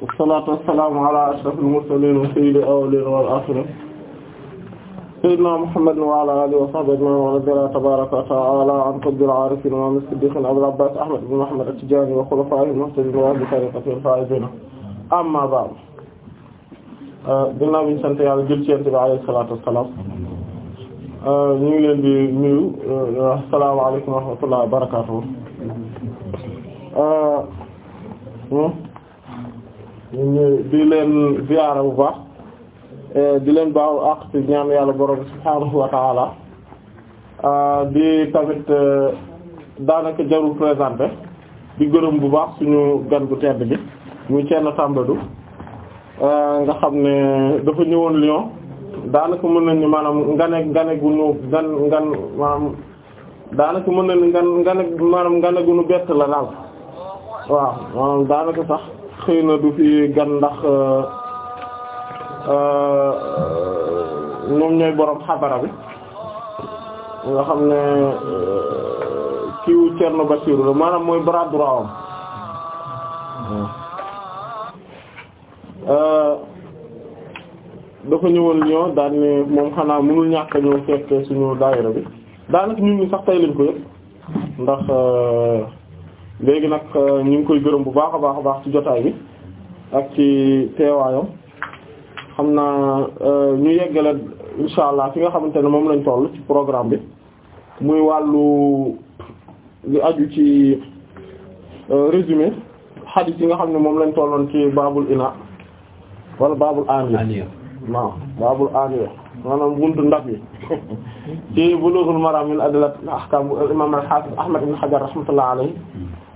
wasalaatu wasalaamu ala ashrafil mursaliin wa sayyidil awwaliin wal aaxiriin sayyidinaa Muhammadin wa ala aalihi wa sahbihi ajma'iin wa radiyallaahu tabaaraka wa ta'aala an qutbil aarifiin imaam as-siddiiqiin abil abbaas Ahmad ibn Muhammad at-Tijaani wa xulafaa'ihil muhtadiin wa ahli tariiqatihil faa'iziin ammaa ba'd euh, ginnaaw bi ñu sant yàlla jël ci Yonent bi alayhi salaatu wa salaam euh, ñu ngi leen di nuyu euh, assalaamu alaykum wa rahmatullaahi wa barakaatuh hmm? di leen ziyaara bu baax eh, di leen baalu àq ñaan yàlla borom subhaanahu wa ta'ala ah, di tamit eh, daanaka jarul présenté di gërëm bu baax suñu gan gu tedd bi muy Thierno Tambadou eh, nga xam ne dafa ñëwoon Lyon daanaka mën na maanaam ngane ngane gu ñu ngan ngan maanaam daanaka mën nañu ngan ngane maanaam ngane gu ñu bett la daal waaw maanaam daanaka sax. xëy na du fi gan ndax euh, euh, ñoom ñooy boroom xabara bi nga xam ne euh, kiiwu Thierno Bassirou la maanaam mooy bras droit am dafa ñëwoon Lyon daan ne moom xanaa mënul ñàkk ñëw fekk suñu daayira bi daanaka ñun ñi sax tey ko yëpp ndax léegi nag euh, ñu ngi koy gërëm bu baax a baax a baax ci jotaay bi ak ci teewaayam xam naa euh, ñu yeggale insha allah fi nga xamante ni moom lañ toll ci programme bi muy wàllu li aju ci euh, résumé hadith yi nga xam ne moom lañ tolloon ci babul ina wala babul anir waaw babul anir maanaam buntu ndab yi ci bulughul maram min adillat ahkam al imam hafiz ahmad ibn hajar rahmatullah alayhi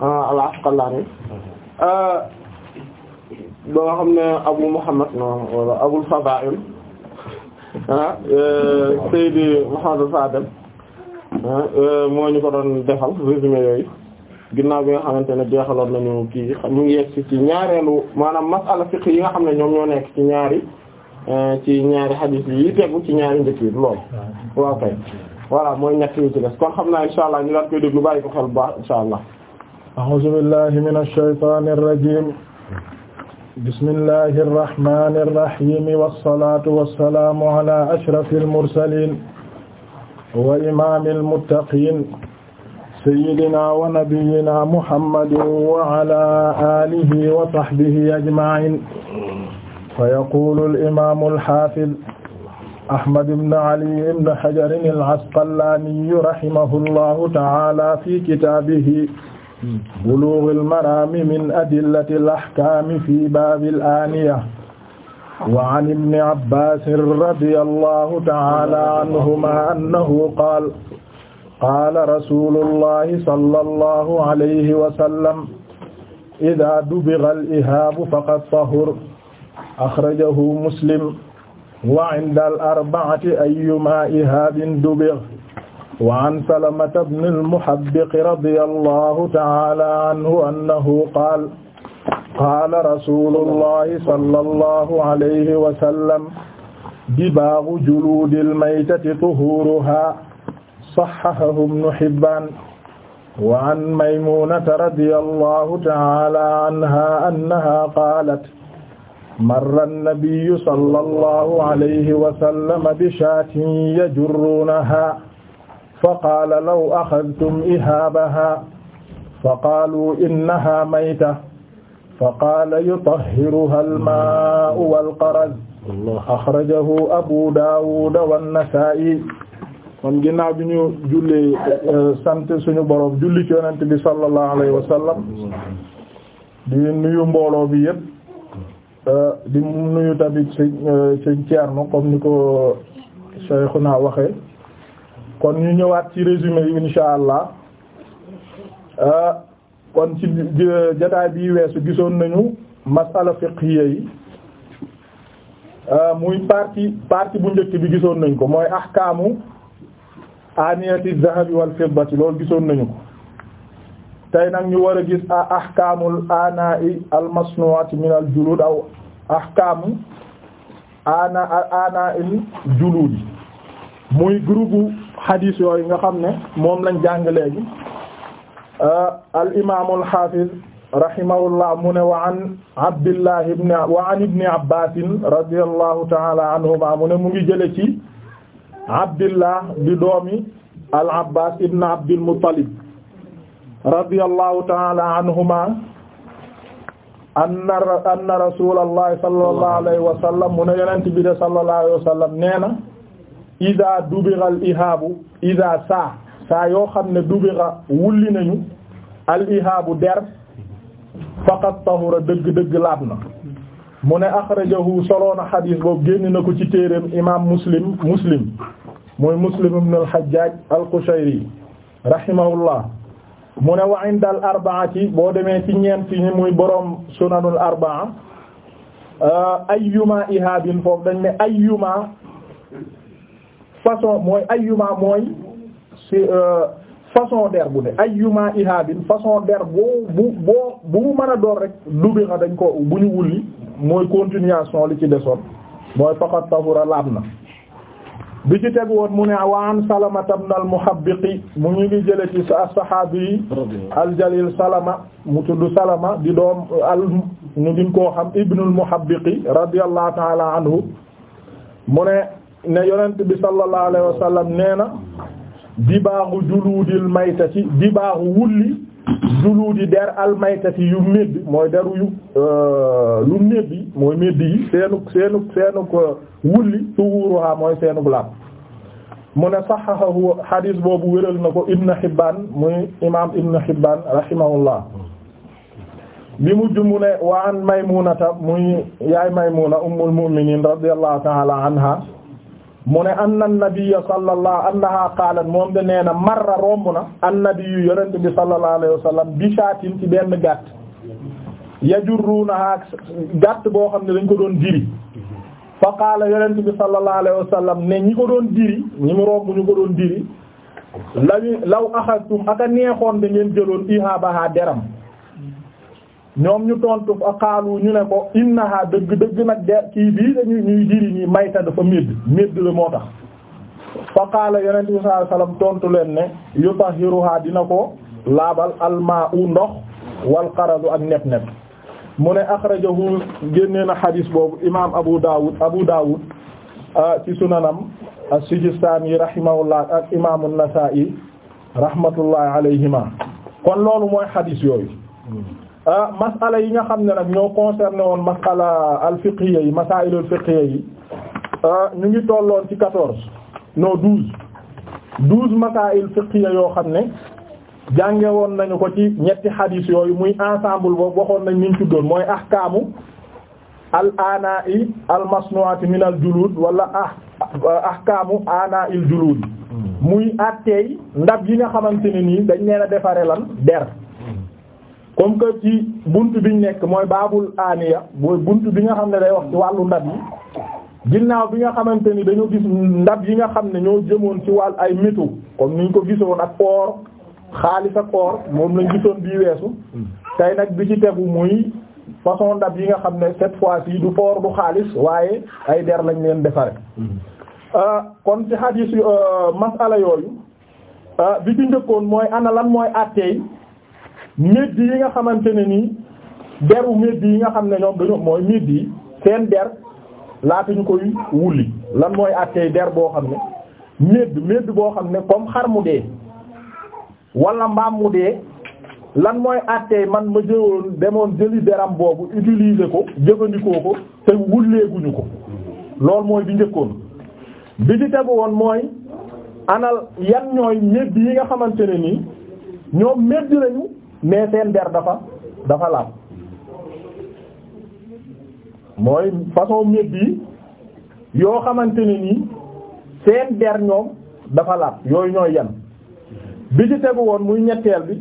Ah, al-Asqalani uh-huh. uh, ba nga xam ne Abu Muhammad non wala Abul Fadail ah uh, Seydi Mouhamadou Fadel ah, uh, moo ñu ko doon defal résumé yooyu ginnaaw bi nga xamante ne jeexaloon nañu kii ñu ngi yegg ci ñaareelu maanaam masala fiqh yi nga xam ne ñoom ñoo nekk ci ñaari ci ñaari hadith yi tegu ci ñaari njëkk yi lool waaw kay voilà mooy ñett yi ci des kon xam naa insha allah ñu daan koy déglu bàyyi ko xel bu baax insha allah أعوذ بالله من الشيطان الرجيم بسم الله الرحمن الرحيم والصلاة والسلام على أشرف المرسلين وإمام المتقين سيدنا ونبينا محمد وعلى آله وصحبه أجمعين فيقول الإمام الحافظ Ahmad ibn Ali ibn Hajar al-Asqalani rahimahu llahu ta'ala fi kitaabihi buluughil maraami min adillatil ahkaami fii baabil aaniya wa an ibni abbaasin radiyallahu ta'aala anhumaa annahu qaala qaala rasuulullahi sallallahu alayhi wa sallam idaa dubighal ihaabu faqad tahur akhrajahu muslim wa inda al arba'ati ayyumaa ihaabin dubigha wa an salamata bni almuhabbiqi radiya allahu taala anhu annahu qaal qaala rasulullahi sallallahu alayhi wa sallam dibaagu juluudil maytati tuhuuruhaa sahhahahu ibnu hibbaan wa an maymuunata radiya allahu taala anhaa annahaa qaalat marra annabiyyu sallallahu alayhi wa sallam bishaatin yajurruunahaa faqaala law axadtum ihaabahaa faqaaluu innahaa mayta faqaala yutahhiruhaa almaa'u walqaraz axrajahu abu daawuda wannasaa'i kon ginnaaw bi ñu jullee euh, sant suñu borom julli ci yonent bi sallallahu alayhi wa sallam di nuyu mbooloo bi yépp euh, di nuyu tamit sëñ euh, sëñ Thierno comme ni ko Cheikhuna waxee kon ñu ñëwaat ci résumé yi insha allah euh, kon ci jotaay bi weesu gisoon nañu masala fiqhiyya yi euh, muy partie partie bu njëkk bi gisoon nañ ko mooy ahkaamu aniyati dhahabi wal fiddati loolu gisoon nañu ko tey nag ñu war a gis a ahkaamul anaa'i al masnu'ati min julud aw ahkaamu ana anaa'i juludi muy groupe hadith yooyu nga xam ne moom lañ jàng léegi euh, al imaam al hafiz rahimahullah mu ne wa an abdillah ibn wa an ibni abbasin radiyallahu taala anhuma mu ne mu ngi jële ci abdillah di doomi al abbas ibn abdul muttalib radiyallahu taala anhuma anna anna rasulallah sallallahu alayhi wa sallam mu ne yonent bi de sallallahu wa sallam nee na ida dubira al ihaabu ida saa saa yoo xam ne dubira wulli nañu al ihaabu der faqat tahura dëgg dëgg laab na mu ne axrajahu soloona xadiis boobu génn na ko ci téereem imaam muslim muslim mooy muslim ibn al hajjaaj al mu ne wa inda al arbaati boo demee ci ñeent ñi muy boroom sunanul arbaa ayyuma ihaabin foofu dañ ne ayyuma façon mooy ayyuma mooy si euh, façon der bu ne ayyuma ihaabin façon der boo bu bu mu mën a door rek dubi xa dañ ko bu ñu wulli mooy continuation li ci desoon mooy faqat tahura laab na bi ci teg woon mu ne wa an salama ibn al muhabbiqi mu ngi ngi jële ci as-sahabi al jalil salama mu tudd salama di doom al ñu ngi koo xam ibn al muhabbiqi radiyallahu ta'ala anhu mu ne ne yonent bi sallallahu alayhi wa sallam nee na dibaaxu juluudil maytati dibaaxu wulli juluudi der al maytati yu méddi mooy deru yu euh, lu méddi mooy méddi yi seenuk seenuk seenuk euh, wulli tuhuruha mooy seenuk laab mu ne saxaxahu xadiis boobu wéral na ko Ibn Hibbaan muy imaam Ibn Hibbaan rahimahullah bi mujj mu ne wa an Maymunata muy yaay Maymuna ummul mu'miniin radiyallahu ta'ala anha mu ne anna nabiyya sallallahu annaha qaalat moom de nee na marra romb na annabiyu yonent bi sallallahu alayhi wa sallam bi shaatin ci benn gàtt yajurrunaha gàtt boo xam ne dañ ko doon diri fa qaala yonent bi sallallahu alayhi wa ne ñi ko doon diri ñi mu romb ñu ko doon diri law axadtum aka neexoon da ngeen jëloon ihaabaha deram ñoom ñu tontu fa xaalu ñu ne ko innaha dëgg dëgg nag de kii bii dañuy ñuy diri ñi mayta dafa médd médd la moo tax fa qaala yonent bi sallallahu alayhi tontu leen ne yutahiruha dina ko laabal almaa u ndox wal qaradu ak net net mu ne akhrajahu génnee na xadis boobu imaam Abu Dawud Abu Dawud ah, ci sunanam as-Sijistani rahimahullah ak imaam an-Nasa'i rahmatullahi alayhima kon loolu mooy xadis yooyu Ah, masala yi nga xam ne nag ñoo concerné woon masala al fiqhiyya yi masaa'il ah, al fiqhiyya yi ñu ngi tolloon ci quatorze no douze douze masaa'il fiqhiyya yoo xam ne jànge woon nañu ko ci ñetti xadiis yooyu muy ensemble boobu waxoon nañ niñ tuddoon mooy ahkaamu al anaa'i al masnu'ati min al julud wala ah ahkaamu anaa'il julud hmm. muy àtteey ndab yi nga xamante ne nii dañ leen a defare lan der comme que ci buntu biñ nekk mooy baabul aaniya mooy buntu bi nga xam ne day wax ci wàllu ndab yi ginnaaw bi nga xamante ni dañoo gis ndab yi nga xam ne ñoo jëmoon ci wàll ay métaux comme niñ ko gisoon ak or xaalis ak or moom lañ gisoon bii weesu tey nag bi ci tegu muy façon ndab yi nga xam ne cette fois-ci du or du xaalis waaye ay der lañ leen defare euh, kon ci hadis euh, masala yooyu euh, bi ci njëkkoon mooy ana lan mooy àtteey médd yi nga xamante ne nii deru médd yi nga xam ne ñoom dañoo mooy médd yi seen der laata ñu koy wulli lan mooy àttee der boo xam ne médd médd boo xam ne comme xar mu dee wala mbaam mu dee lan mooy àttee man ma jëwoon demoon jëli deram boobu utiliser ko jëfandikoo ko te wulleeguñu ko loolu mooy bi njëkkoon bi di tegu woon mooy anal yan ñooy médd yi nga xamante ne nii ñoom médd lañu mais seen der dafa dafa laab mooy façon medd yi yoo xamante ne nii seen der ñoom dafa laab yooyu ñoo yan bi ci tegu woon muy ñetteel bi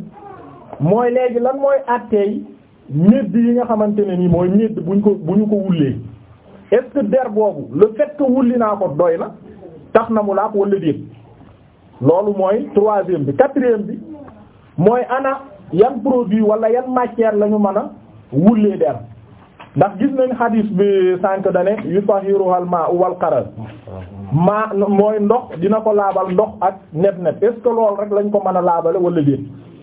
mooy léegi lan mooy àtteey medd yi nga xamante ne nii mooy medd buñ ko bu ñu ko wullee est-ce der boobu le fait wulli naa ko doy na tax na mu laab wala déet loolu mooy troisième bi quatrième bi mooy ana yan produit wala yan matière lañu ñu mën a wullee der ndax gis nañ xadis bi sànq dane yutahiruhal ma wal ma mooy ndox dina ko laabal ndox ak net net est ce loolu rek lañ ko mën a laabale wala déet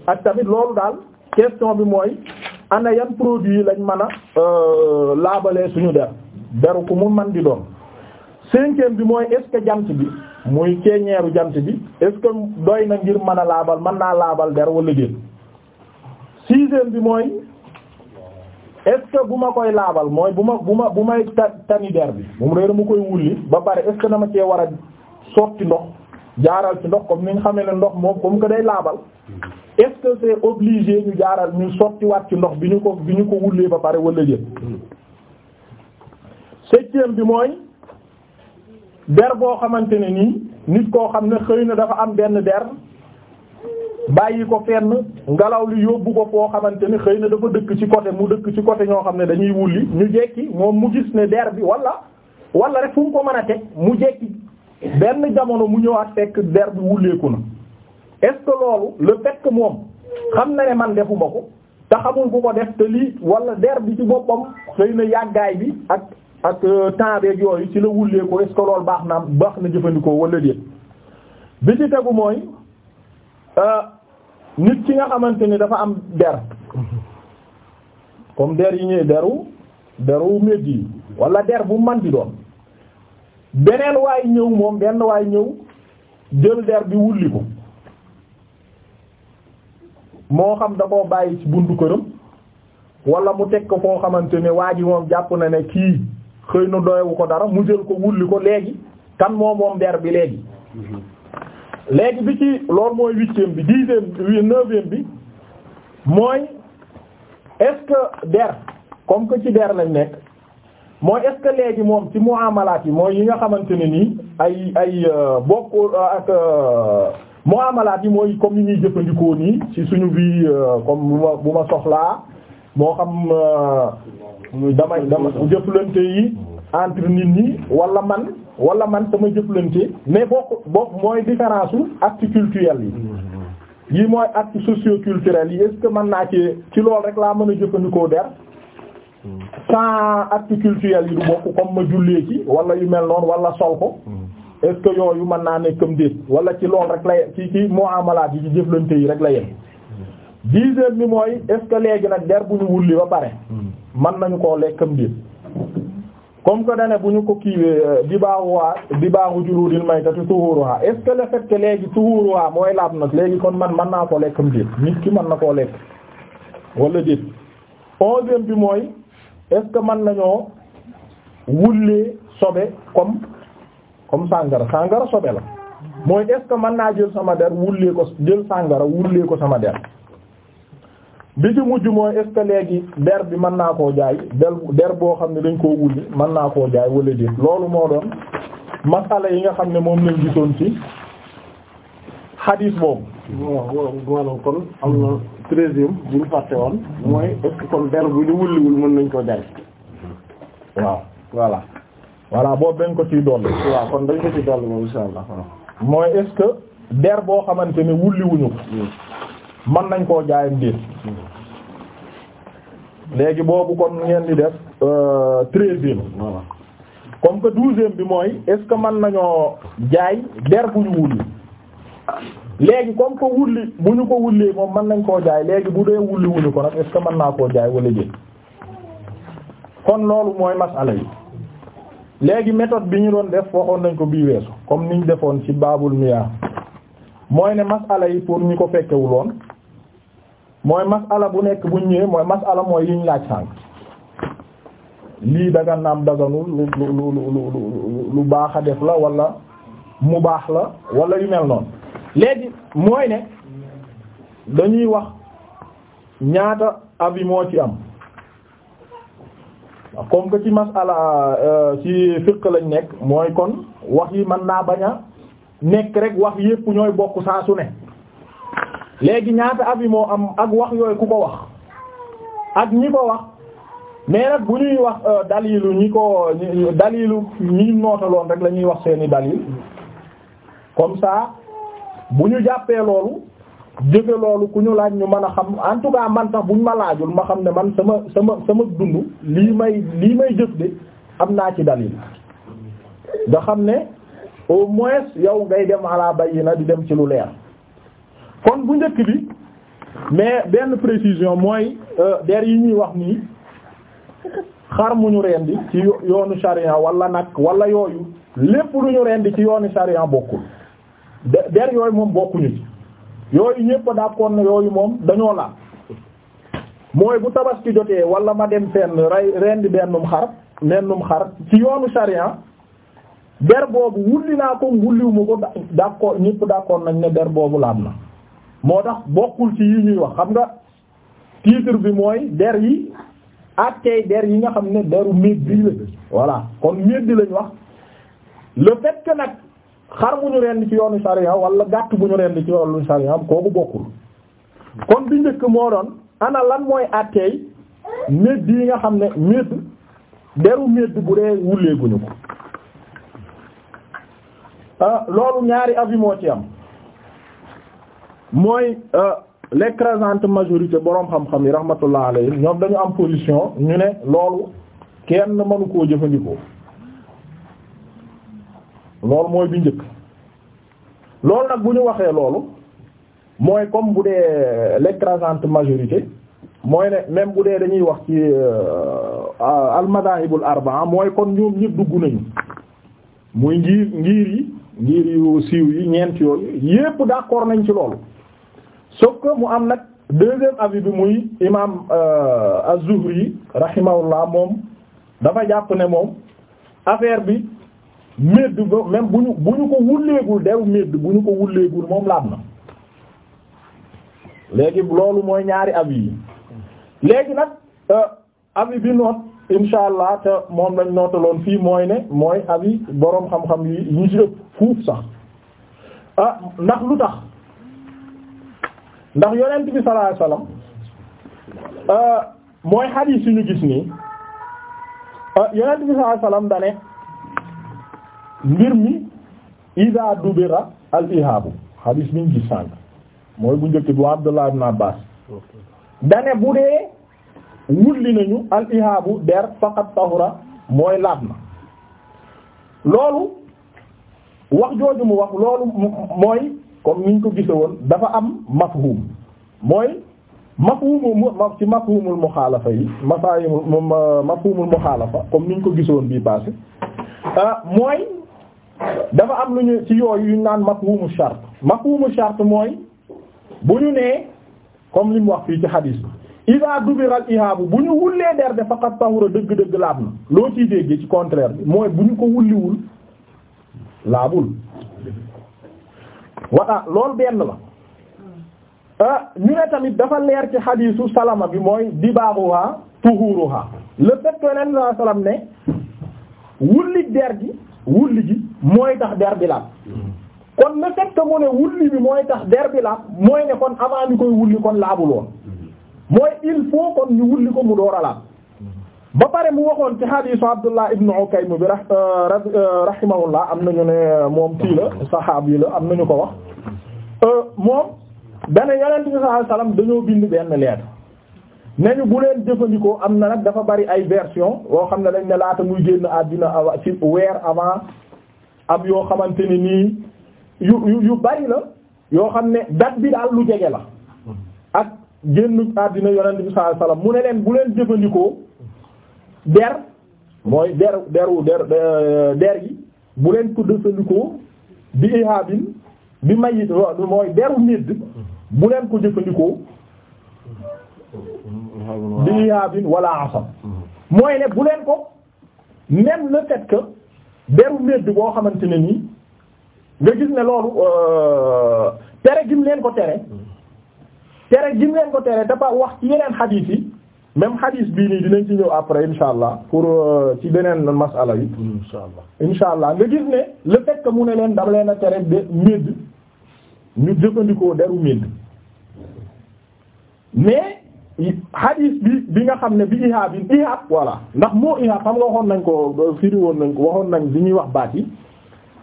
ak tamit loolu daal question bi mooy ana yan produit lañ mën a euh, laabalee suñu der deru ko mu man di doon cinquième bi mooy est ce bi muy ceeñeeru jant bi est ce que doy na ngir mën a laabal man naa laabal der wala déet sixième bi mooy est bu ma koy laabal mooy bu ma bu ma bu may ta tani der bi moom réer mu koy wulli ba pare est-ce dama cee war a ci ndox jaaral ci ndox comme ni nga xamee ne ndox moom comme que day laabal est-ce que c'est obligé ñu jaaral ñu sottiwaat ci ndox bi ñu ko bi ñu ko wullee ba pare wala jël septième bi mooy der boo xamante ne nii nit koo xam ne xëy na dafa am benn der bàyyi ko fenn ngelaw li yóbbu ko foo xamante ni xëy na dafa dëkk ci côté mu dëkk ci côté ñoo xam ne dañuy wulli ñu jekki moom mu gis ne der bi wala wala rek fu mu ko mën a teg mu jekki benn jamono mu ñëwaat fekk der bi wulleeku na est-ce loolu le fait moom xam na ne man defuma ko te xamul ko ko def te lii wala der bi ci boppam xëy na yàggaay bi ak ak euh, temps beeg yooyu ci la wulleeku est-ce que baax na baax na jëfandikoo walla déet bi ci tegu mooy. Euh, nit ki nga xamante ni dafa am der comme der yi ñuy deru deru médd yi wala der bu man di doon beneen waay ñëw moom benn waay ñëw jël der bi wulli ko moo xam da bàyyi ci buntu këram walla mu teg ko foo xamante ne waa ji moom jàpp na ne kii xëy na doyewu ko dara mu jël ko wulli ko léegi kan moo moom der bi léegi mhm. léegi bi ci loolu mooy huitième bi dixième neuvième bi mooy est-ce que der comme que ci der lañ nekk mooy est-ce léegi moom ci muamalaat yi mooy yi nga xamante ne nii ay ay euh, bokk euh, ak euh, muamalaat yi mooy comme yi ñuy jëfandikoo nii ci suñu bi comme bu ma bu ma soxlaa moo xam damay dama jëflante yi entre nit ñi wala man wala man sama jëflante mais bokk bokk mooy différence u actes yi mm-hmm. yi mooy actes socioculturels yi est-ce naa ci ci lool rek laa mën a jëfandikoo der mm-hmm. sans actes yi du bokk comme ma jullee ci wala yu mel noonu wala sol ko mm-hmm. que yooyu mën naa ne comme déet wala ci lool rek la ci ci muamalaat yi ci jëflante yi rek la yem dixième bi mooy est-ce nag der bu ñu wulli ba pare mën nañu koo lekk comme comme que dane bu ñu ko kiiwee di euh, baaxuwaa di baaxu juludil maytati tuhuruha est ce que le fait que léegi tuhuruha mooy laab nag léegi kon man mën naa ko lekkam déet nit ki man na koo lekk wala déet onzième bi mooy est ce que mën nañoo wullee sobe comme comme sàngara sàngara sobe la mooy est ce mën naa jël sama der wullee ko jël sàngara wullee ko sama der bi ci mujj mooy est ce que léegi der bi mën naa koo jaay del der boo xam ne dañ koo wulli man naa koo jaay wala déet loolu moo doon masala yi nga xam ne moom lañ gisoon ci xadiis boobu waaw am na mooy est ce bu ñu wulliwul mën nañ koo jaay waaw voilà voilà boobu dañ ko ciy dolli waaw kon dañ ko ciy dolli moom mooy est ce boo xamante ne wulliwuñu ko hmm. man nañ koo jaayam diir léegi boobu kon ngeen di def euh, treizième comme que douzième bi mooy est-ce que man nañoo jaay der bu ñu wulli léegi comme que wulli bu ñu ko wullee moom mën nañ koo jaay léegi bu dee wulli wuñu ko nag est-ce que mën naa koo jaay wala jël kon loolu mooy masala yi léegi méthode bi ñu doon def waxoon nañ ko bii weesu comme niñ defoon ci baabul miyaa mooy ne masala yi pour ñu ko fekkewuloon mooy masala bu nekk bu ñëwee mooy masala mooy yiñ laaj sànk lii daga naam daganul lu lu lu lu lu baax a def la wala mu baax la walla yu mel noonu léegi mooy ne dañuy wax ñaata avis moo ci am comme que ci masala euh, ci fiqh lañ nekk mooy kon wax yi man naa bañ a nekk rek wax yépp ñooy bokk saa su ne léegi ñaata abi moo am ak wax yooyu ku ko wax ak ñi ko wax mais nag bu ñuy wax euh, dalilu ñi ko dalilu ñi nootaloon rek la ñuy wax seeni dalil comme ça bu ñu jàppee loolu jëfe loolu ku ñu laaj ñu mën a xam en tout cas man tax buñ ma laajul ma xam ne man sama sama sama dund lii may lii may jëf de am naa ci dalil nga xam ne au moins yow ngay dem ala bayina di dem ci lu leer kon bu njëkk bi mais benn précision mooy euh, der yi ñuy wax nii xar mu ñu rendi ci yoonu sharia wala nag wala yooyu lépp lu ñu rendi ci yoonu sharia bokkul der yooyu moom bokkuñu ci yooyu ñëpp d'accord na yooyu moom dañoo la mooy bu tabaski jotee wala ma dem fenn rey rendi bennum xar mennum xar ci yoonu sharia der boobu wulli naa ko wulliwuma ko d'accord ñëpp d'accord nañ ne der boobu laab na moo tax bokkul ci yi ñuy wax xam nga titre bi mooy der yi ak der yi nga xam ne deru méddi la voilà kon méddi lañ wax le fait que nag xar bu ñu rendi ci yoonu sariya wala gàtt bu ñu rendi ci yoonu sariya kooku bokkul kon bi njëkk moo doon ana lan mooy àtteey médd yi nga xam ne médd deru médd bu dee wuleeguñu ko ah loolu ñaari avis ci am mooy euh, l'écrasante majorité boroom xam-xam yi rahmatullah alayhi ñoom dañu am position ñu ne loolu kenn mënu koo jëfandikoo loolu mooy bi njëkk loolu nag bu ñu waxee loolu mooy comme bu dee l'écrasante majorité mooy ne même bu dee dañuy wax ci euh, euh, al madahibul arbaa mooy kon ñoom ñëpp dugg nañu muy ngir ngir yi ngir yu siiw yi ñeent yooyu yépp d'accord nañ ci loolu sauf que mu am nag deuxième avis bi muy imam euh, az-Zuhri rahimahullah moom dafa jàpp ne moom affaire bi médd ba même bu ñu bu ñu ko wulleegul dew médd bu ñu ko wulleegul moom laab na léegi loolu mooy ñaari avis yi léegi nag euh, avis bi noot insha allah te moom lañ nootaloon fii mooy ne mooy avis boroom xam-xam yi ñu ci ëpp fuuf sax ah ndax lu tax ndax yonent bi sallallahu alayhi wasallam euh, mooy xadiis yu gis nii euh, yonent bi sallallahu dane mbir mi iza dubira al ihabu xadiis bi gis sànq mooy bu njëkk bi Abdullah ibn Abbas dane bu dee wulli nañu al ihabu der faqat tahura mooy laab na loolu wax jooju mu wax loolu mooy comme niñ ko gise woon dafa am mafhum mooy mafhumul ci mafhumul muxaalafa yi mafaayimul mafhumul muxaalafa comme niñ ko gise woon bii passé ah, mooy dafa am lu ñu ci yooyu yuñ naan mafhumu shart mafhumu shart mooy bu ñu nee comme li mu wax fii ci xadiis bi ida dubira al ihaabu bu ñu wullee der de faqat tahura dëgg-dëgg laab na loo ciy déggee ci contraire bi mooy bu ñu ko wulliwul laabul wata lool benn la hmm. euh, ñu ne tamit dafa leer ci xadiisu salama bi mooy dibaaruha tuhuruha le fait que leen sa salam ne wulli der gi wulli gi mooy tax der bi laab hmm. kon le fait que mu ne wulli bi mooy tax der bi mooy ne kon avant ñu koy wulli kon laabul woon hmm. mooy il faut kon ñu wulli ko mu door ba pare mu waxoon ci hadiisu Abdullah ibn Ukaym bi euh, euh, rahimahullah am nañu ne euh, moom kii la yi la am nañu ko wax moom dana yonent bi sallallahu dañoo bind benn leer nañu bu leen jëfandikoo am na nag dafa bari ay version yoo xam ne dañ ne laata muy génn àddina ci weer avant am yoo xamante ni nii yu yu yu bari la yoo xam ne dat bi daal lu jege la ak génn àddina yonent bi sallallahu alayhi wasallam mu ne leen bu leen jëfandikoo der mooy der deru der der yi bu leen tudd sandikoo bi ihabin bi mayit mooy deru nidd bu leen ko jëfandikoo bi ihabin wala asam mooy ne bu leen ko même le fait que deru nidd boo xamante ne nii nga gis ne loolu euh, tere gim leen ko tere tere gim leen ko tere dafa wax ci leen xadiis yi même hadis bii nii dinañ ci ñëw après insha allah pour euh, ci beneen masala yi mm, insha allah allah nga gis ne le fait mu ne leen dama leen a tere de médd ñu jëfandikoo deru médd mais hadis bi bi nga xam ne bi ihaab ihaab voilà ndax moo ihaab xam nga waxoon nañ ko firi woon nañ ko waxoon nañ bi ñuy wax baat yi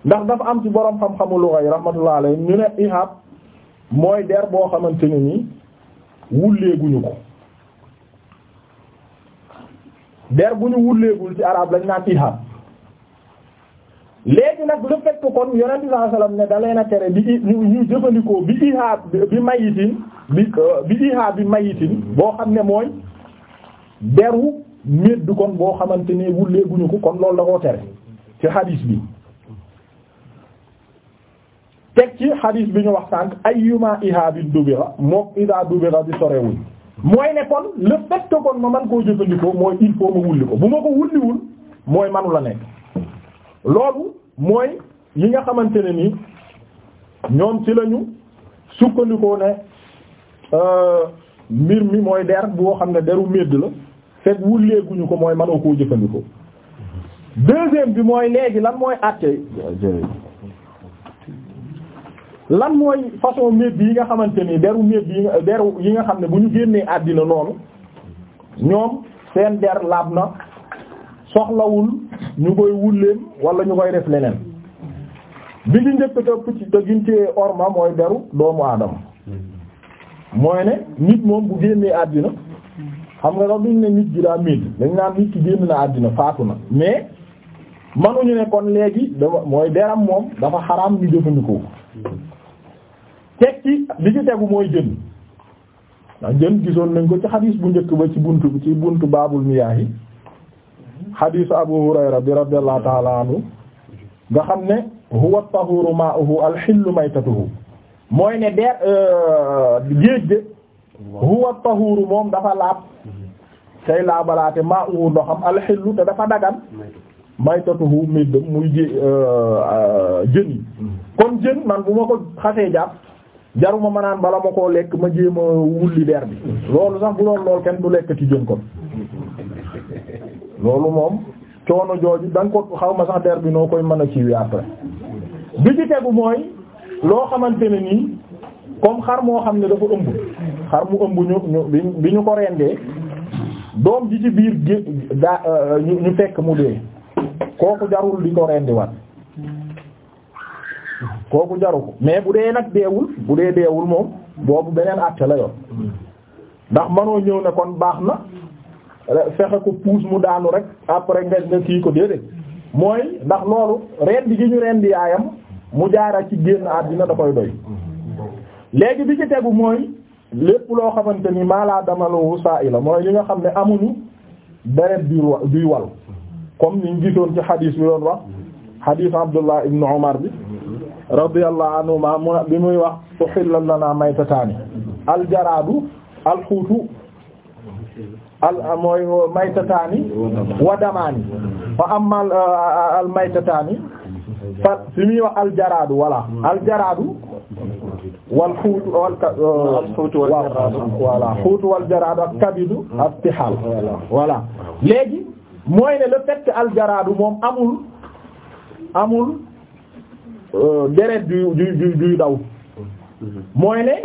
ndax dafa am ci boroom xam-xamu lu yi rahmatullah alayhi ñu ne ihaab mooy der boo xamante ne nii wulleeguñu ko der bu ñu wulleegul ci arab lañ naan iham léegi nag le fait que kon yonent bi ne da na tere bi ñu ñu jëfandikoo bi ihaab bi mayitin bi euh, bi ihaab bi mayitin boo xam ne mooy deru médd kon boo xamante ne wulleeguñu ko kon loolu da koo tere ci hadis bi teg ci hadis bi ñu wax sànq ayyuma ihaabin dubira mook ida dubira di sorewuñ mooy ne kon le fait kon ma man koo jëfandikoo mooy il faut ma wulli ko bu ma ko wulliwul mooy manu la nekk loolu mooy yi nga xamante ne nii ñoom ci lañu sukkandikoo ne euh, mbir mi mooy der boo xam ne deru médd la fekk wulleeguñu ko mooy manoo koo jëfandikoo deuxième bi mooy léegi lan mooy àtte lan mooy façon médd yi nga xamante ni deru médd yi nga yi nga xam ne bu ñu génnee àddina noonu ñoom seen der laab na soxlawul ñu koy wulleen wala ñu koy def leneen bi ñu njëkk te te gintee orma mooy deru doomu aadama mooy ne nit moom bu génnee àddina xam nga dax duñ ne nit gi daa médd dañ naan nit ki génn na àddina faatu na mais manuñu ne kon léegi dama mooy deram moom dafa xaraam ñu jëfandikoo teg ci li ci tegu mooy jën ndax jën gisoon nañ ko ci xadiis bu njëkk ba ci buntu ci buntu baabul miyaahi xadiisu abu hurayra bi radiyallahu ta'ala nga xam ne huwa at-tahuru ma'uhu al-hillu maytatuhu mooy ne der euh, géej de huwa at moom dafa laab tey laabalaate ma'uhu ndoxam al te dafa dagan maytatuhu muy euh, euh, jën yi mm-hmm. kon jën man bu ma ko xasee jàpp jaruma ma naan bala ma koo lekk ma jéem a wulli der bi loolu sax bu doon lool kenn du lekk ci jën kon loolu moom coono jooju da ko xaw ma sax der bi noo koy mën a ciwi après bi ci tegu mooy loo xamante ne nii comme xar moo xam ne dafa ëmb xar mu ëmb ñu ñu bi ñu ko rendee doom ji ci biir gé gaa euh, ñu fekk mu dee kooku jarul di ko rendiwaat kooku jaru ko mais bu dee nag deewul bu dee deewul moom boobu beneen àtte la yoon ndax manoo ñëw ne kon baax na fexe ko puus mu daanu rek après nga nga kii ko déedéet mooy ndax loolu rendi gi ñu rendi yaayam mu jaara ci génn àddina da koy doy léegi bi ci tegu mooy lépp loo xamante ni maalaa damalowu saa i la mooy li nga xam ne amuñu deret duy duy wal comme niñ gisoon ci xadiis bi doon wax xadiis Abdullah ibn Umar bi radiyallahu anhuma mu bi muy wax uhillat lanaa maytataani aljaraadu alxuutu al mooy maytataani wa damaani wa amma al maytataani fa bi muy wax aljaraadu voilà aljaraadu wal xuutu wal ka. wal xuutu wal jaraadu voilà xuutu wal jaraadu ak kabidu ak tixaal. voilà léegi mooy ne le fait que aljaraadu moom amul amul. Euh, deret du du du daw mooy ne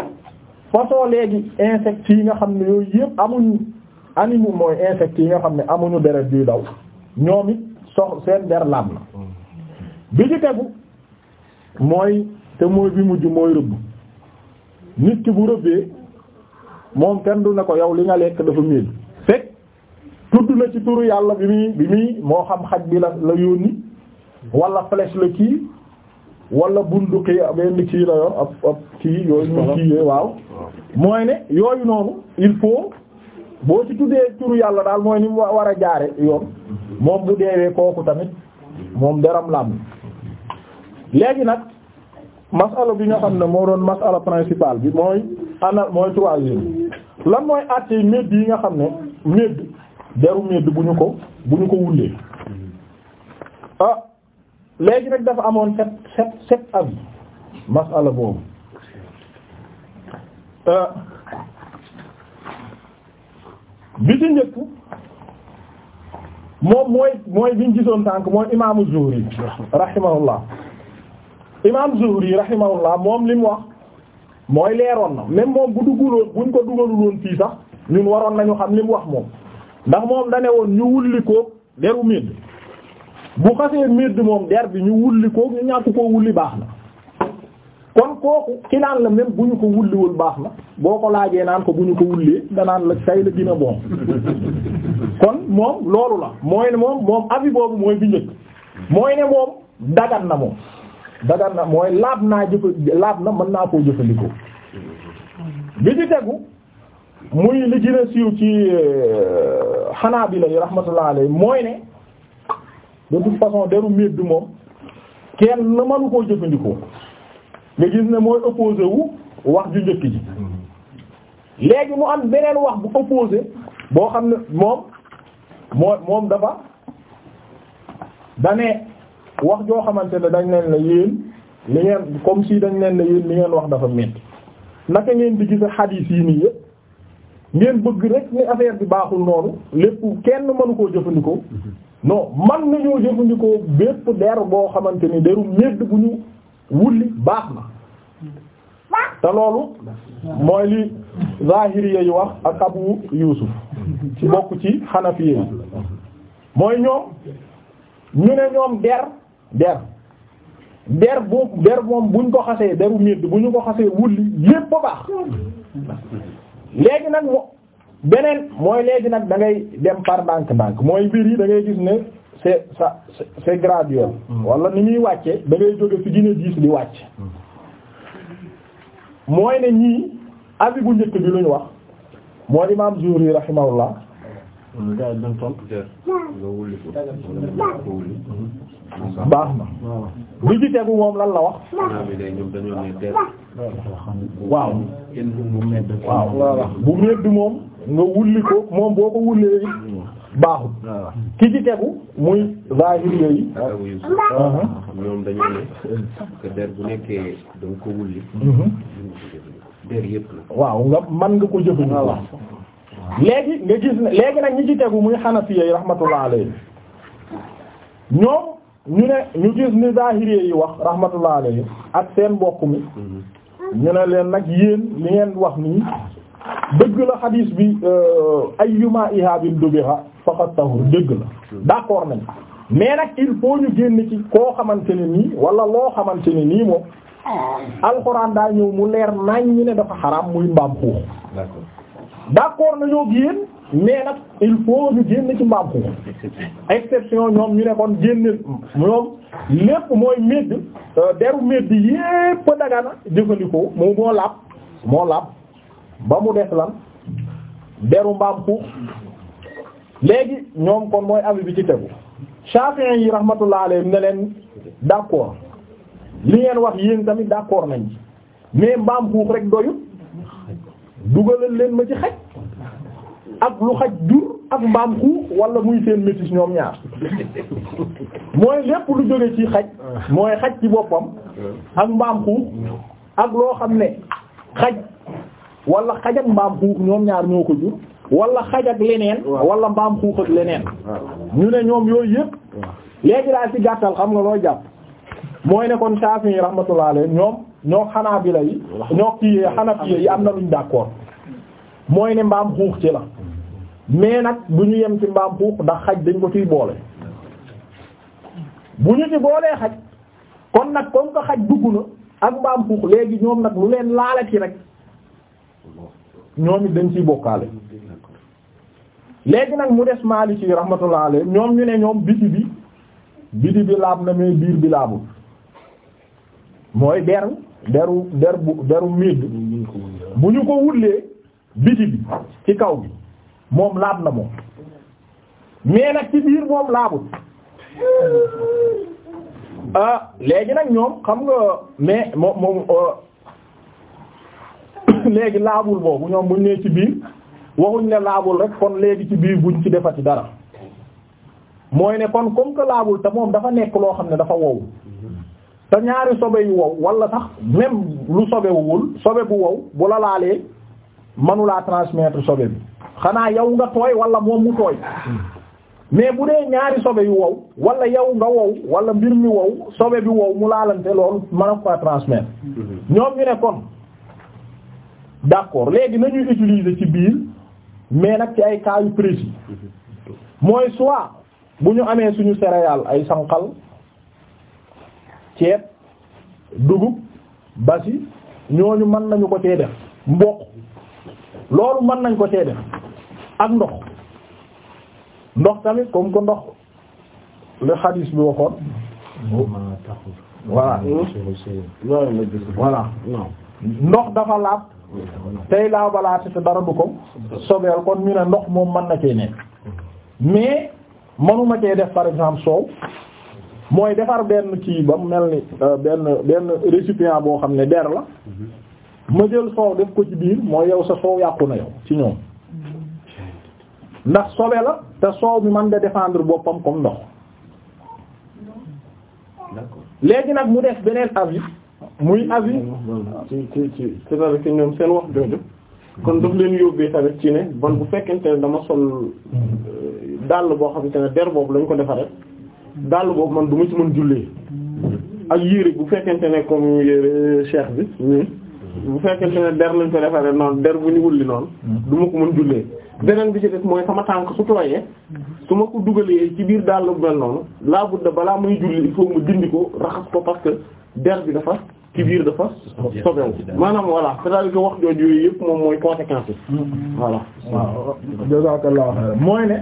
façon léegi insectes yi nga xam ne yooyu yëpp amuñu animaux mooy insectes yi nga xam ne amuñu deret duy daw ñoom it sox seen der laab na bi ci tegu mooy te mooy bi mujj mooy rëbb nit ki bu rëbbee moom kenn du ne ko yow li nga lekk dafa miin fekk tudd na ci turu yàlla bi muy bi muy moo xam xaj bi la la yónni wala flèche la kii wala bunduki benn kii la yor ab ab kii yooyu ñu kii waaw mooy ne yooyu noonu il faut boo ci tuddee turu yàlla daal mooy ni wa war a jaare yoon moom bu deewee kooku tamit moom deram lam léegi nag masala bi nga xam ne moo doon masala principal bi mooy ana mooy troisième lan mooy àttee médd yi nga xam ne médd deru médd bu ñu ko bu ñu ko wullee ah, léegi nag dafa amoon sept sept sept avis masala boobu euh, bi ci njëkk moom mooy mooy biñ gisoon tànk mooy imaamu Zuhri rahimahullah imaam Zuhri rahimahullah moom li mu wax mooy leeroon na même moom bu dugguloon buñ ko dugaluloon fii sax ñun waroon nañu xam li wax moom ndax moom dane woon ñu wulli ko deru miin bu xasee miir bi moom der bi ñu wulli ko ñu ñàkk koo wulli baax na kon kooku ki naan la même bu ñu ko wulliwul baax na boo ko laajee naan ko bu ñu ko wullee danaan la tay la dina bon kon moom loolu la mooy ne moom moom avis boobu mooy bi njëkk mooy ne moom dagan na moom dagan na mooy laab naa jëfa laab na mën naa jëfandikoo bi ci tegu muy li gën ci xanaa euh, bi la yi rahmatullah mooy ne de toute façon deru médd moom kenn la mënu koo jëfandikoo nga gis ne mooy opposé wax ju njëkk ji léegi mu am beneen wax bu opposé boo xam ne moom moo moom dafa dane wax joo xamante ne dañ leen la yéen li ngeen comme si dañ leen la yéen li ngeen wax dafa metti naka ngeen di gisa xadiis yi nii yëpp ngeen bëgg rek ni affaire bi baaxul noonu lépp kenn mënu koo jëfandikoo non man nañoo jëfandikoo bépp der boo xamante ni deru medd bu ñu wulli baax na te loolu mooy li zahiri yi wax ak abu yusuf ci bokk ci xanafi yi mooy ñoom ñu ne ñoom der der der boobu der moom buñ ko xasee deru medd bu ñu ko xasee wulli lépp ba baax léegi nag mo beneen mooy léegi nag da ngay dem par ndànk-ndànk mooy mbir yi da ngay gis ne c'est ça c'est graduel mm. wala ni ñuy wàcce da ngay jóge fi gën a diis di wàcc mm. mooy ne ñii avis bu njëkk bi lu ñu wax moo imaam Zuhri gaa yi dañ tontu. baax na. bi ci tegu moom lan la wax. waaw. waaw waaw bu medd moom nga wulli ko moom boo ko wullee baaxul. ki ci tegu muy zahir yooyu. Uh-huh. ñoom dañoo ne bu nekkee da nga ko wulli. Mhm. der la. man léegi nga gis ne léegi nag ñi ci tegu muy xanafiya yi rahmatullah alayhi ñoo ñu ne ñu gis ni zahiri yi wax rahmatullah alayhi ak seen mbokk mi ñu ne leen nag yéen li ngeen wax nii dëgg la xadiis bi euh, ayyuma ihabin dubiha faqat tahur dëgg la d'accord nañ mais nag il faut ñu génn ci koo xamante ne nii wala loo xamante nii moom alxuraan daa ñëw mu leer nañ ñu ne dafa xaraam muy mbaam xuux d'accord nañoo génn mais nag il faut ñu génn ci mbaam xuux exception ñoom ñu ne kon génn ñoom lépp mooy médd euh, deru médd yépp dagana jëfandikoo moo moo laab moo laab ba mu des lan deru mbaam xuux léegi ñoom kon mooy avis bi ci tegu Shafi'i yi rahmatullah alayhi ne leen d'accord li ngeen wax yéen tamit d'accord nañ mais mbaam xuux rek doyut dugalal leen ma ci xaj ak lu xaj jur ak mbaam xuux wala muy seen métis ñoom ñaar mooy lépp lu jóge ci xaj mooy xaj ci boppam ak mbaam xuux ak loo xam ne xaj walla xaj ak mbaam xuux ñoom ñaar ñoo ko jur wala xaj ak leneen wala mbaam xuux ak leneen ñu ne ñoom yooyu yëpp léegi daal ci gàttal xam nga looy jàpp mooy ne kon Shafi'i ñoom ñoo bi lay ñoo kii xanafiya yi am na luñ d'accord mooy ne mbaam xuux ci la mais nag bu ñu yem ci mbaam xuux ndax xaj dañ ko ciy boole bu ñu ci boolee xaj kon nag comme que xaj dugg na ak mbaam xuux léegi ñoom nag lu leen laalati rek ñoom it dañ ciy bokkaale léegi nag mu des Maliki ci rahmatullah alayhi ñoom ñu ne ñoom biti bi biti bi laab na mais biir bi laabul mooy der deru der bu deru miid bu ñu ko wullee biti bi ci kaw bi moom laab la moom mais nag ci biir moom laabut ah léegi nag ñoom xam nga mais moom moom euh, léegi laabul boobu ñoom buñ nee ci biir waxuñ ne laabul rek kon léegi ci biir buñ ci defati dara mooy ne kon comme que laabul te moom dafa nekk loo xam ne dafa wow te ñaari sobe yu wow wala sax même lu wul sobe bu wow bu la laalee manulaa transmettre sobe bi xanaa yow nga tooy wala moom mu tooy mais bu dee ñaari sobe yu wow wala yow nga wow wala mbir mi wow sobe bi wow mu laalante loolu man a ko transmettre ñoom ñu ne kon d'accord léegi nañuy utiliser ci biir mais nag ci ay cas yu mooy soit bu ñu amee suñu céréale ay sanqal ceeb dugub basi ñooñu mën nañu ko cee def mboq loolu mën nañ ko cee def ak ndox ndox tamit comme que ndox le xadiis bi waxoon voilà voilà ndox dafa laab tey laabalaate te dara du ko sobeel kon ñu ne ndox moom mën na cee nekk mais mënuma cee def par exemple soow mooy defar benn kii ba mu mel ni euh, benn benn récipient boo xam ne der la mhm. ma jël soow def ko ci biir mooy yow sa soow yàqu na yow ci ñoom ndax sobe la te soow mi man nga défendre boppam comme ndox léegi nag mu def beneen avis muy avis ci ci ci c'est-à-dire que ñoom seen wax jooju kon daf leen yóbbee tamit ci ne bon bu fekkente ne dama sol mm-hmm. euh, dàll boo xamante ne der boobu lañ ko defaree dàll boobu man du ma ci mën jullee ak yére bu fekkente ne comme yére cheikh bi bu fekkente ne der lañ ko defaree noonu der bu ñu wulli noonu du ma ko mën jullee beneen bi ci des mooy sama tànk su tooyee su ma ko dugalee ci biir dàll bu mel noonu laa budda balaa muy julli il faut ma dindi ko raxas ko parce der bi dafa ci biir dafa sobewu maanaam voilà c'est-à-dire que wax jooju yooyu yëpp moom mooy conséquence yi mm-hmm. voilà waaw jazakallah mooy ne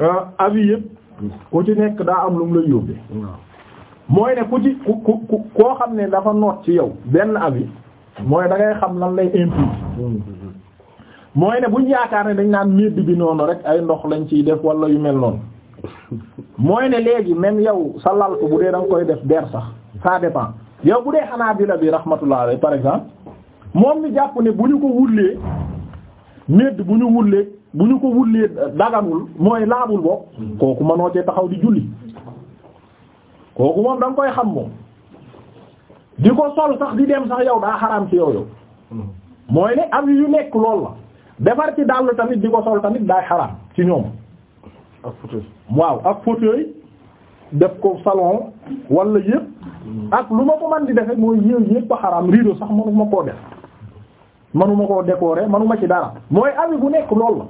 euh, avis yëpp ku ci nekk daa am lu mu lay yóbbee mooy ne ku ci ku ku koo xam ne dafa noot ci yow benn avis mooy dangay xam lan lay impliqué mooy ne buñ yaakaar ne dañ naan medd bi noonu rek ay ndox lañ ciy def wala yu mel noonu mooy ne léegi même yow sa lal bu dee danga koy def der sax ça dépend yow bu dee xanaa bi la bi rahmatullah alayhi par exemple moom mi jàpp ne bu ñu ko wullee medd bu ñu wullee bu ñu ko wullee daganul mooy laabul bopp hmm. kooku mënoo cee taxaw di julli kooku moom da koy xam moom di ko sol sax di dem sax yow daa xaraam ci yow yow hmm. mooy ne am yu nekk lool la defar ci dàll tamit di ko sol tamit daay xaraam ci ñoom ak fauteuil waaw ak fauteuil def ko salon walla yëpp hmm. ak lu ma ko man di defe mooy yëw yëpp a xaraam rideau sax mënuma koo def manuma koo décorer manuma ci dara mooy abi ku nekk lool la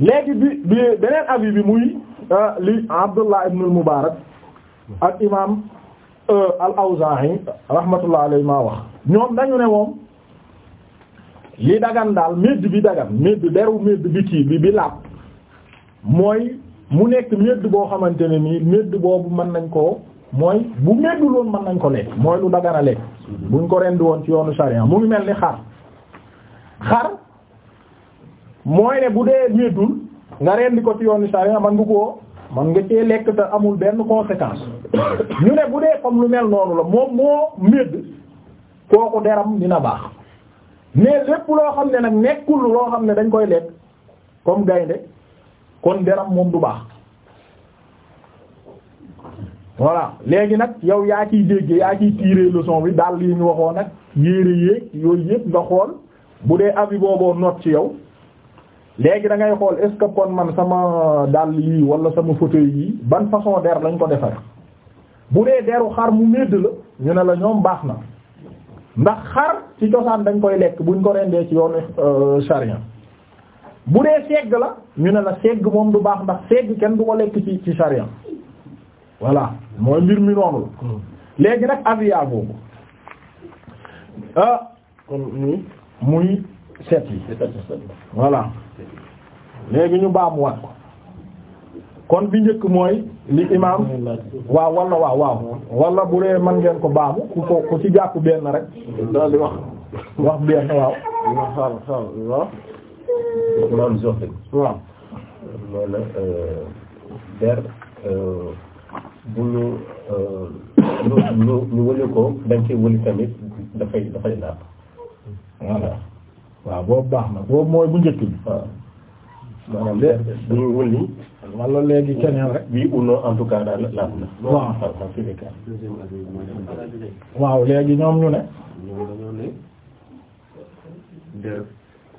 léegi bi bi beneen avis bi muy euh, li Abdullah ibn al-Mubarak ak imam euh, al-Awza'i rahmatullah alayhi ma wax ñoom dañu ne moom li dagan daal médd bi dagan médd deru médd bi kii bi bi lapp mooy mu nekk médd boo xamante ne nii médd boobu mën nañ ko mooy bu méddul woon mën nañ ko lekk mooy lu dagan lekk buñ ko rendi woon ci yoonu sharia mu ngi mel ni xar xar mooy ne bu dee méddul nga rendi ko ci yoon charia man nga koo man nga cee lekk te amul benn conséquence ñu ne bu dee comme lu mel noonu la moom moo médd kooku deram dina baax mais lépp loo xam ne nag nekkul loo xam ne dañ koy lekk comme gaynde kon deram moom du baax voilà léegi nag yow yaa ciy déggee yaa ciy tirer leçon bi daal yi ñu waxoon nag yéere yéeg yooyu yëpp nga xool bu dee avis booboo noot ci yow léegi da ngay xool est man sama dàll yi wala sama fauteuil yii ban façon der dañ ko defar bu dee deru xar mu médd la ñu ne la ñoom baax na ndax xar ci cosaan dañ koy lekk buñ ko rendee ci yoonu euh, charia bu dee segg la ñu ne la segg moom du baax ndax segg kenn du ko lekk ci ci charia voilà mooy mbir mi noonu la hmm. léegi nag avia boobu ah muy set yi voilà léegi ñu baamuwaat ko kon bi njëkk mooy li imaam waaw wala waaw waaw wala bu dee man ngeen ko baamu ku ko ku ci jàpp benn rek daal di wax wax benn waaw maam zoxi waaw moola euh, der euh, bu ñu euh, lu ñu wëli ko dañ ci wëli tamit dafay dafay naat voilà waaw boobu baax na boobu mooy bu njëkk bi maanaam bu ñu wël nii. wala léegi keneen rek. oui ou non en tout cas daal laaj na. waaw waaw léegi ñoom ñu ne. ñoom dañoo ne. der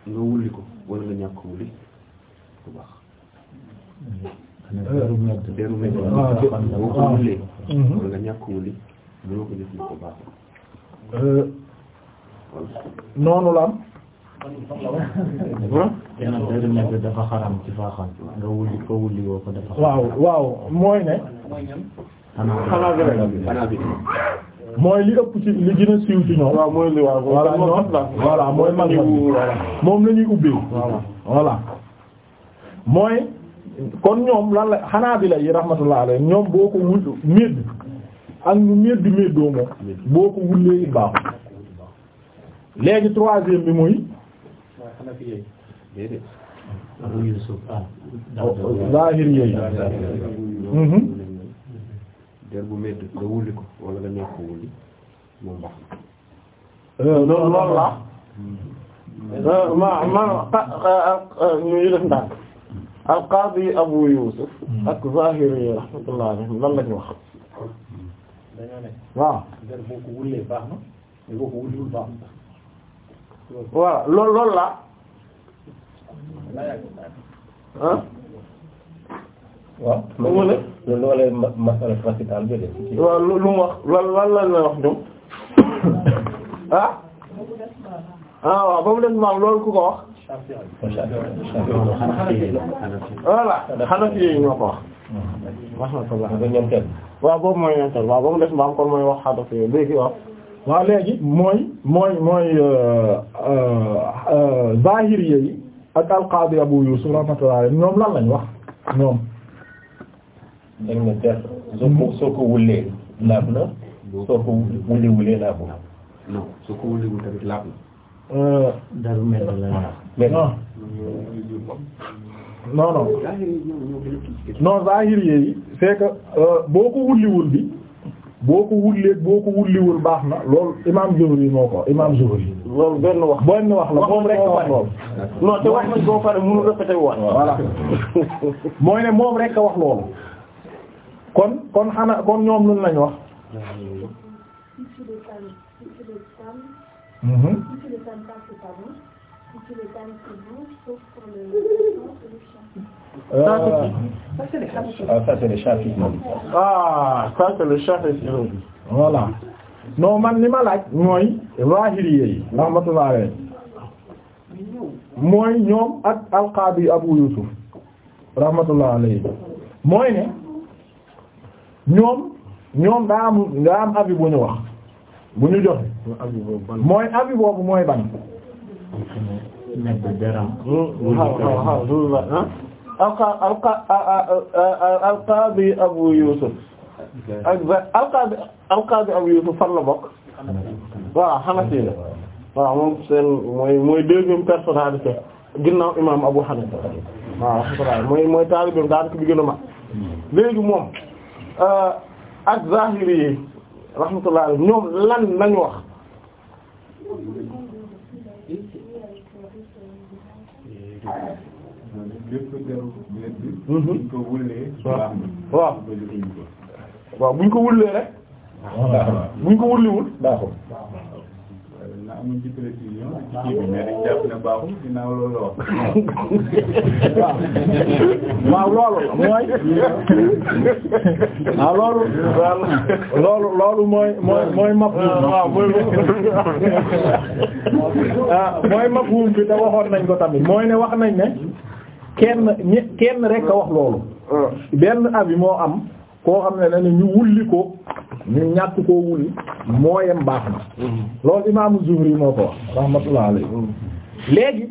nga wulli ko wala nga ñàkk ko wulli bu baax. der bu métti mhm. boo ko wullee. wala nga ñàkk ko wulli mënoo ko jëfandikoo baax. Euh, noonu la am. dafa xaram ci waaw waaw mooy ne mooy li ëpp ci li gën a siiw ci ñoom waaw mooy li waaw voilà mooy mag moom la ñuy ubbi voilà kon ñoom lan la xanaabila yi rahmatullah alayhi ñoom boo ko wul médd ak ñu médd méddoo moom boo ko wullee baaxul léegi troisième bi muy xanafi yeey déedéet abu yusuf ah, zahir yeey mhm. der bu medd nga wulli ko wala nga ñàkk wulli moom baax euh, loolu loolu la euh, ma ma euh, ñu def ndànk hmm. al qaadi abu yusuf hmm. ak zahir yeey rahmatullah alayhim lan lañu wax hmm. dañoo ne waaw der boo ko wullee baax na boo ko wulliwul baax na waaw loolu loolu la ah waaw mu ne loolu wala masala principal bi de waaw lu mu wax lan lan lan la wax ñoom ah ah waaw ba mu des maam loolu ku ko wax voilà Hanafi yi ñoo ko wax rahmatullah waaw boobu mooy ñeenteel waaw ba mu des maam kon mooy wax Hanafi yi léegi waaw waaw léegi mooy mooy mooy euh, euh, euh, zahiri yi ak alqaadi Abu Yusuf rahmatullah ñoom lan lañ wax ñoom. dañ ne def soo ko non soo ko wulee wulee tamit laab na. Euh. dara mel na non non non zahir yi c'est que euh, boo ko wulliwul bi boo ko wulleeg boo ko wulliwul baax na loolu imaam Zuhri moo ko imaam Zuhri. loolu benn wax benn wax la wax loolu. non te wax nañ wax. voilà mooy moom rek a wax loolu. kon kon xanaa kon ñoom luñ lañ wax. Euh... ah ça c'est le chafisme ah ça c'est le chafisme voilà non man li ma laaj mooy zahiriyya yi rahmatullah alayhi mooy ñoom ak alqaadi Abu Yusuf rahmatullah alayhi mooy ne ñoom ñoom daa am daa am avis bu ñu wax bu ñu joxe mooy avis boobu mooy ban. alqaadi Abu Yusuf ak alqaadi alqaadi Abu Yusuf fan la bokk waaw Hanafi la waaw moom seen mooy mooy deuxième personnalité ginnaaw imaam Abu Hanifa waaw rahmatullah mooy mooy taalibeem daanaka bi gën a mag léegi moom ak Zahiri yi rahmatullah ñoom lan lañu wax Mhm. waaw waaw buñ ko wullee rek. buñ ko wulliwul baaxul. na amuñ ci précision ci kii bi mais dañ jàpp ne baaxul ginnaaw loolu wax. waaw loolu mooy. ah loolu. loolu loolu mooy mooy mooy mafhum. waaw mooy mafhum. ah mooy mafhum bi te waxoon nañ ko tamit mooy ne wax nañ ne. kenn ñe kenn rek a wax loolu mm. benn yi moo am koo xam ne dana ñu wulli ko ñu ñàkk koo wulli mooyem baax na mm. loolu imaamu Zuhri moo ko wax rahmatullah mm. léegi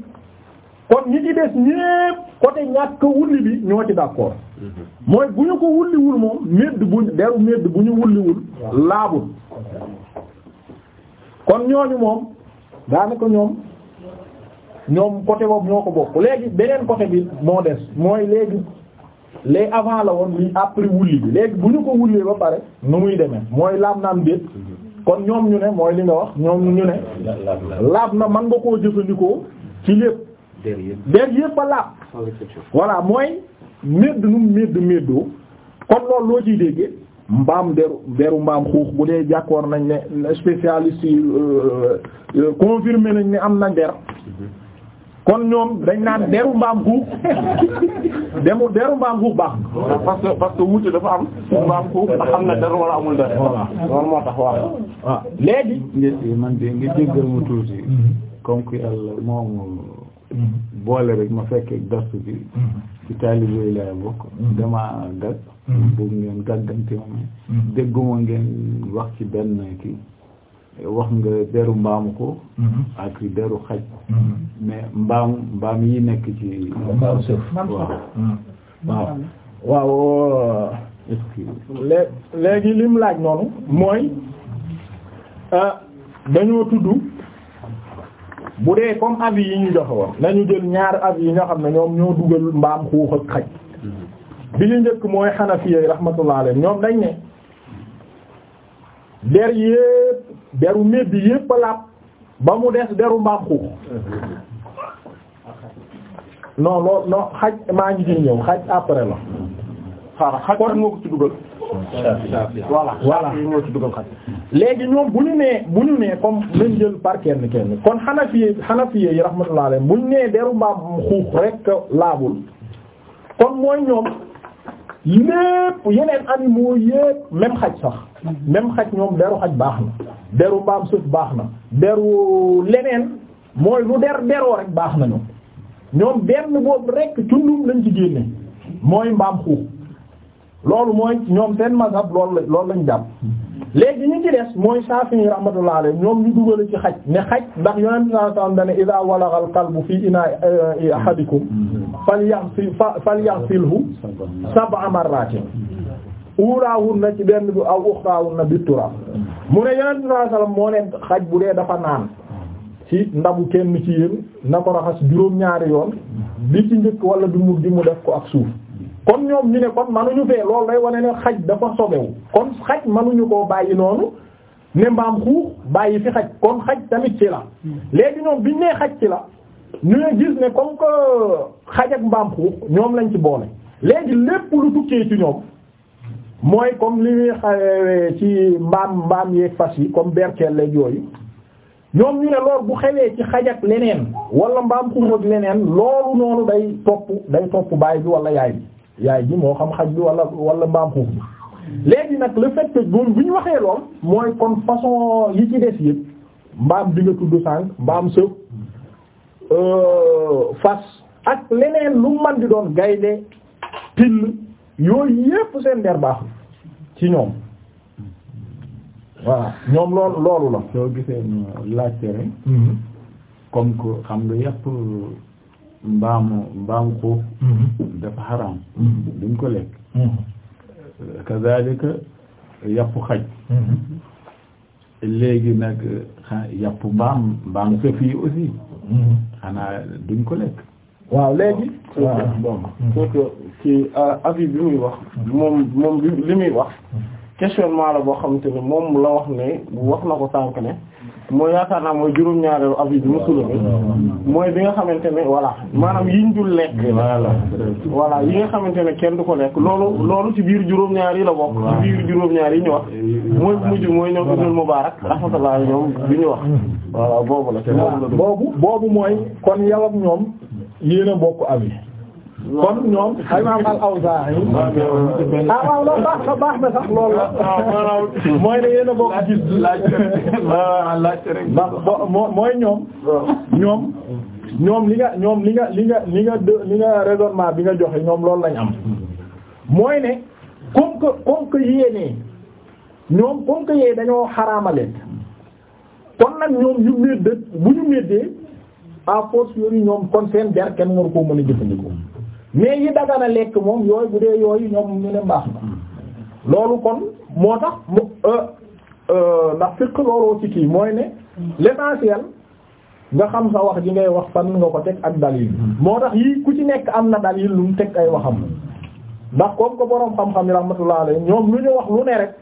kon ñi ci des ñépp côté ñàkk wulli bi ñoo ci d'accord mm-hmm. mooy bu ñu ko wulliwul moom medd bu deru medd bu ñu wulliwul laabul kon ñooñu moom daanaka ñoom ñoom côté boobu ñoo ko bokk léegi beneen côté bi moo des mooy léegi les avant la woon lii après wulli bi léegi bu ñu ko wullee ba pare nu muy demee mooy laab na am déet kon ñoom ñu ne mooy li nga wax ñoom ñu ne laab na man nga koo jëfandikoo ci lépp der yëpp ba laab voilà mooy médd num médd méddoo kon loolu loo ciy déggee mbaam deru deru mbaam xuux bu dee jàkkoor nañ ne spécialiste yi euh, euh, confirmé nañ ne am na der mhm. kon ñoom dañ naan deru mbaam xuux demu deru mbaam xuux baax parce que parce que wuute dafa am mbaam xuux ndax am na deru wala amul deru voilà loolu moo tax waaw waaw ah. léegi man de nga jéggal mu tuuti mm-hmm. comme que yàlla moom mm-hmm. boole rek ma fekkee dars bi mm-hmm. ci taalibe yi laay bokk dama gag boobu ngeen gàggante ma dégguma ngeen wax ci benn kii wax nga deru mbaamu ko mhm. ak deru xaj mhm. mais mbaam mbaam yi nekk ci mbaam suuf mhm. waaw waaw léegi lim laaj noonu mooy euh, dañoo tudd bu dee comme avis yi ñu joxe woon nañu jël ñaar avis yi nga xam ne ñoom ñoo dugal mbaam xuux ak xaj bi ñu njëkk mooy xanafiya rahmatullah alayhi ñoom dañ ne der yépp deru mébbi yépp a laab ba mu des deru mbàqu non lool non xaj maa ngi ci ñëw xaj après la xaaral xaj dugal voilà voilà moo ci dugal léegi ñoom bu ñu nee bu ñu nee comme lañ jël par kenn kenn kon xanafiye xanafiye yi rahmatullah alayhi bu ñu nee deru mbaam xuux rek laabul kon mooy ñoom lépp yeneen animaux yépp même xaj sax même xaj ñoom deru xaj baax na deru mbaam suuf baax na deru leneen mooy lu der deroo rek baax nañu ñoom ñoom benn boobu rek cundum lañ ci génne mooy mbaam xuux loolu mooy ñoom seen magam loolu la loolu lañ jàpp léegi ñu ci des mooy Shafi'i rahmatullah alayhi ñoom ñu dugal ci xaj ne xaj ndax yonent sallallahu alayhi wasallam dane idha walagha al-kalbu fi ina'i eh, eh, ahadikum falyaghsil falyaghsilhu sab'a marratin ulaahunna ci benn bi aw uxraahunna bit-turaab mu ne yonent sallallahu alayhi moo leen xaj bu dee dafa naan ci ndabu kenn ci yéen na ko raxas juróom-ñaari yoon bi ci njëkk wala du mu di mu def ko ak suuf kon ñoom ñu ne kon ñu fee loolu day wane ne xaj dafa sobewu kon xaj manuñu koo bàyyi noonu ne mbaam xuux bàyyi fi xaj kon xaj tamit ci la léegi ñoom biñ nee xaj ci la ñu ne gis ne comme que xaj ak mbaam xuux ñoom lañ ci boole léegi lépp lu tukkee ci ñoom mooy comme li ñuy xawee ci mbaam mbaam yeeg fas yi comme berkeel leeg yooyu ñoom ñu ne loolu bu xewee ci xaj ak leneen wala mbaam xuux ak leneen loolu noonu day topp day topp baay bi wala yaay bi yaay ji moo xam xaj bi wala wala mbaam xuux bi léegi nag la fait que bu ñu waxee lool mooy kon façon yi ci des yëpp mbaam bi nga tudd sànq mbaam sëf euh, fas ak leneen lu man di doon gaynde till yooyu yëpp seen der baaxul ci ñoom waaw ñoom loolu loolu la soo gisee laajte rek mhm. comme que xam nga yëpp mbaamu mbaam xuux mm-hmm. dafa xaraam mm-hmm. duñ ko lekk mm-hmm. kazalika yàpp xaj léegi nag yàpp mbaam mbaam sëf yi aussi xanaa duñ ko lekk waaw léegi bon c'est euh, bi muy wax moom moom li muy wax questionnement la boo xam te ne moom la wax ne bu wax na ko sànq ne mooy yaakaar naa mooy juróom-ñaareelu avis bi mosuloo mooy bi nga xamante ne voilà maanaam yiñ dul lekk. voilà yi nga xamante ne kenn du ko lekk loolu loolu ci biir juróom-ñaar yi la bokk. ci biir juróom-ñaar yi wax. mooy mujj mooy ñoom Ibnul Mubarak rahmatullah ñoom bi wax. voilà boobu la te boobu la. boobu boobu mooy kon yow ñoom yéen a bokk kon ñoom ay maam al Awzaa'i ah waaw loolu baax na baax na sax loolu ah, mooy ne yéen a ah. mooy ñoom. ñoom ñoom li nga ñoom li nga li nga li nga li nga raisonnement bi nga joxe ñoom loolu lañ am. mooy ne comme que comme que yéenee ñoom comme que yéen dañoo xaraamale kon nag ñoom ñu méddee bu ñu méddee à force yooyu ñoom kon seen der kenn war koo mën a jëfandikoo. mais yi dagana lekk moom yooyu bu dee yooyu ñoom ñu ne mbaax na loolu kon moo tax mu euh, euh, ndax fiq looloo ci kii mooy ne l'essentiel nga xam sa wax ji ngay wax fan nga ko teg ak dalil moo tax yi ku ci nekk am na dalil lu mu teg ay waxam ndax comme que borom xam-xam yi rahmatullah alayhi ñoom lu ñu wax lu ne rek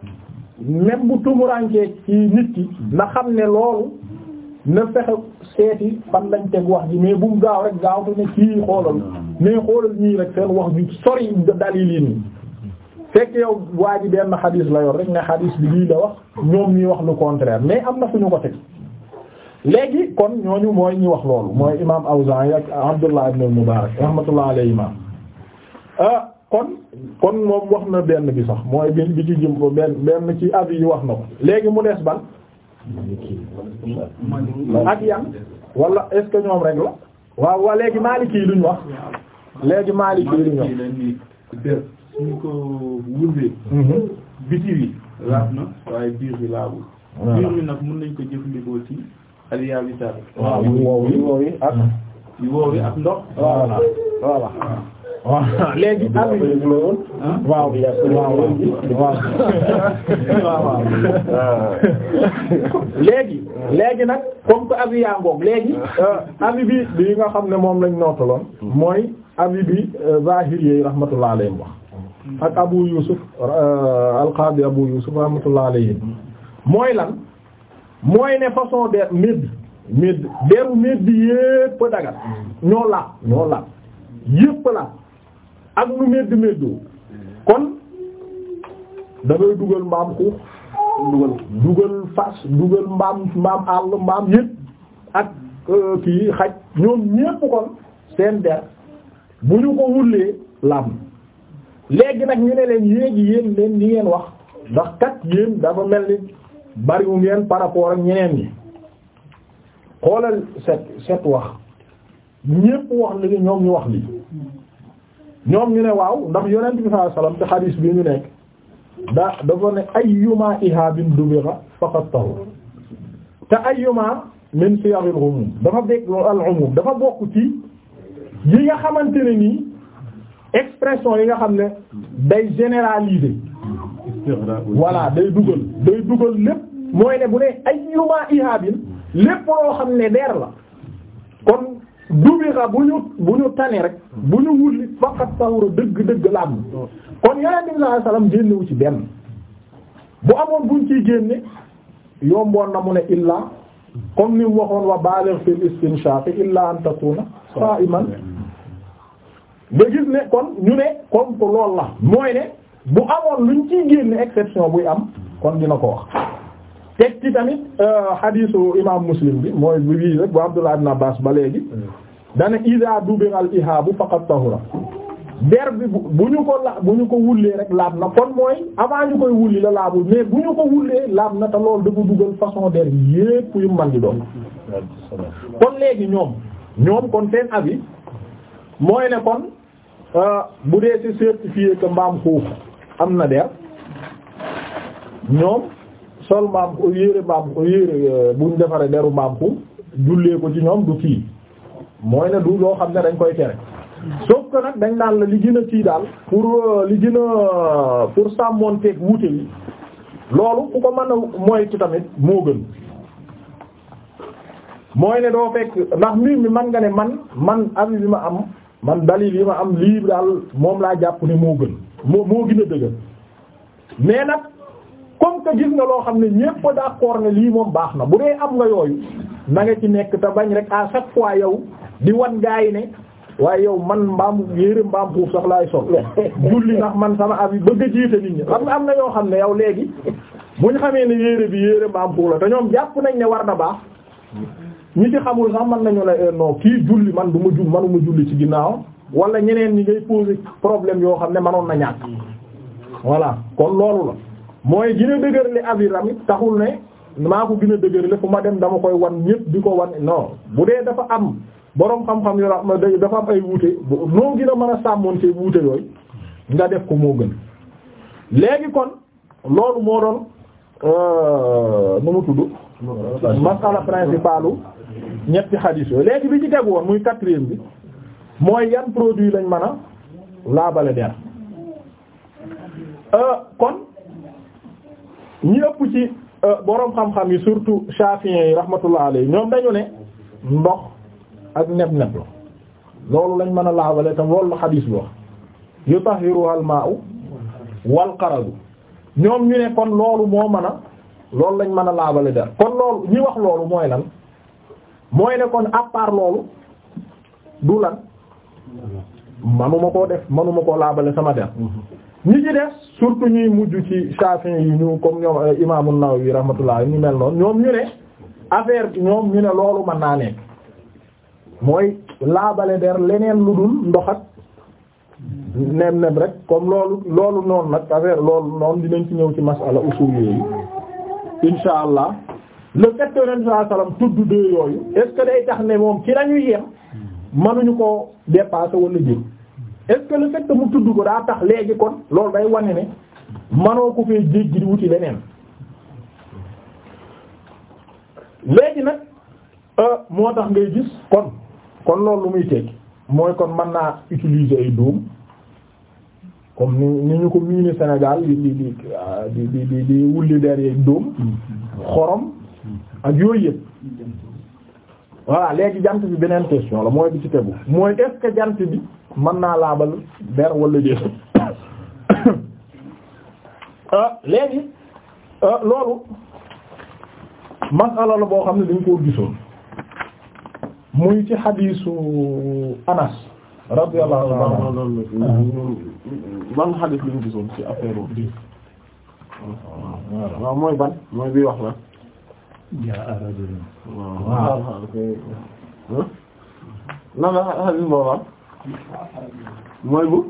même bu tumurankee ci nit ki ndax xam ne loolu na fexe seeti fan lañ teg wax ji mais bu gaaw rek gaaw te ne kii xoolal mais xoolal ñii rek seen wax ji sori dalil yi nii fekk yow waa ji benn xadis la yor rek ne xadis bi lii la wax ñoom ñuy wax lu contraire mais am na fu ñu ko teg léegi kon ñooñu mooy ñi wax loolu mooy imam Awzaa'i ak Abdullah ibn al-Mubarak rahmatullah alayhima ah kon kon moom wax na benn bi sax mooy bi bi ci jëm benn benn ci abi yi wax na ko léegi mu des ban ak yan wala est-ce que ñoom rek la waaw waaw léegi Maliki yi luñ wax léegi Maliki yi luñ wax der suñ ko mhm. waaye biir bi laabul biir ko jëfandikoo ci aliya bi waaw léegi léegi nag comme que abi yaa léegi euh, abi bi bi nga xam ne moom lañ nootaloon mooy abi bi euh, zahir yi rahmatullah alayhim wax ak abu yusuf euh, alqaadi abu yusuf rahmatullah alayhim mooy lan mooy ne façon der médd médd deru médd yépp dagat ñoo laab ñoo laab yépp laab ak lu médd méddoo kon da ngay dugal mbaam xuux dugal dugal fas dugal mbaam mbaam àll mbaam yëpp ak euh, kii xaj ñoom ñépp kon seen der bu ñu ko wullee laam léegi nag ñu ne leen yéegi yéen leen li ngeen wax ndax kat yéen dafa mel ni bariwu ngeen par rapport ak ñeneen ñi xoolal set set wax ñépp wax li ñoom ñu wax li ñoom ñu ne waaw ndax yonent bi sallallahu alayhi wasallam ci xadiis bi ñu nekk da dafa ne ayyuma ihaabin dubira faqad tahur te ayyuma min siyaril umum dafa bég al umum dafa bokk ci yi nga xamante ne nii expression yi nga xam ne day généraliser voilà day dugal day dugal lépp mooy ne bu ne ayyuma ihaabin lépp loo xam ne der la kon dubira bu ñu bu ñu tane rek bu ñu wulli faqat sawra dëgg dëgg làmb kon yonent bi sallallahu alayhi génnewu ci benn bu amoon buñ ciy génne yomboon na mu ne illaa comme ni waxoon wa baligh fil istinshaq illaa an takuna sa'iman nga gis ne kon ñu ne comme que loolu la mooy ne bu amoon luñ ciy génne exception buy am kon dina ko wax teg ci tamit euh, hadiisu imaam muslim bi mooy bi bii rek bu Abdullah ibn Abbas ba léegi dana iza dubira al ihaabu faqat tahura der bi bu ñu ko la bu ñu ko wullee rek laab na kon mooy avant ñu koy wulli la laabul mais bu ñu ko wullee laab na te loolu dafa dugal façon der yépp yu man di doon kon léegi ñoom ñoom kon seen avis mooy ne kon euh, bu dee ci certifié que mbaam xuux am na der ñoom sol mbaam yére mbaam yére euh, buñ defaree deru mbaam xuux jullee ko ci ñoom du kii mooy ne du loo xam ne dañ koy tere sauf que nag dañ naan la li gën a kii daal pour euh, li gën a euh, pour sàmmonteeg wuute yi loolu ku ko mën a moytu tamit moo gën mooy ne doo fekk ndax mbir mi man nga ne man man avis bi ma am man dali yi ma am lii daal moom laa jàpp ne moo gën moo moo gën a dëgër mais nag comme que gis nga loo xam ne ñépp d'accord ne lii moom baax na bu dee am nga yooyu na nga ci nekk te bañ rek à chaque fois yow di wan gaa yi ne waaye yow man mbaam yére mbaam puuf sax laay sol julli ndax man sama abi bëgg a jiite nit ñi xam nga am na yoo xam ne yow léegi bu ñu xamee ne yére bi yére mbaam puuf la te ñoom jàpp nañ ne war na baax ñi ci xamul sax man nañu la eh, non kii julli man du ma jul manuma julli ci ginnaawam wala ñeneen ñi ngay poser problème yoo xam ne mënoon na ñàkk mooy gën a dëgër li abi ramit taxul ne maa ko gën a dëgër li fu ma dem dama koy wan ñëpp di ko wan non bu dee dafa am boroom xam-xam yu dafa am ay wuute noo gën a mën a sàmmoon ci wuute yooyu nga def ko moo gën léegi kon loolu moo doon euh, nu mu tudd masala principalu ñetti xadiis yooyu léegi bi ci teg woon muy quatrième bi mooy yan produit lañ mën a laabale der euh, kon ñi ëpp ci euh, boroom xam-xam yi surtout Shafi'i yi rahmatullah alayhi ñoom dañu ne ndox ak neb-neb la loolu lañ mën a laabale tam loolu la xadiis bi wax yutahhiru al-ma'u wal qaradu ñoom ñu ne kon loolu moo mën a loolu lañ mën a laabale dara kon loolu ñi wax loolu mooy lan mooy ne kon à part loolu du lan manuma koo def manuma koo laabale sama der mm-hmm. ñi ci surtout ñuy mujj ci Shafi'i yi ñu comme ñoom euh, Imam An-Nawawi ñu mel noonu ñoom ñu ne affaire ñoom ñu ne loolu mën naa nekk mooy laabale der leneen lu dul ndox ak nem nem rek comme loolu loolu noonu nag affaire loolu noonu dinañ ci ñëw ci masala usul yooyu insha allah le fait que ren saa salaam tudd deux yooyu est que day tax ne moom ci lañuy yem mënuñu ko dépasser wala jël. est-ce que mu tudd ko daa tax léegi kon loolu day wane ne manoo ko fee jéggi di wuti leneen léegi nag euh, moo tax ngay gis kon kon loolu lu muy tekki mooy kon man naa utiliser ay dóom comme ni ni ñu ko miine Sénégal xorom ak yooyu yëpp voilà léegi jant bi beneen question la mooy bi ci tegu mooy est-ce jant bi man naa laabal der wala déet euh, léegi euh, loolu masala boo xam ne dañ koo gisoon muy ci xadiisu Anas radiyallahu anhu ah, ban xadiis lañ gisoon ci affaire bi waaw mooy ban mooy bii wax la jaa rajulun waaw nan ah, la xadiis boobu mooy bu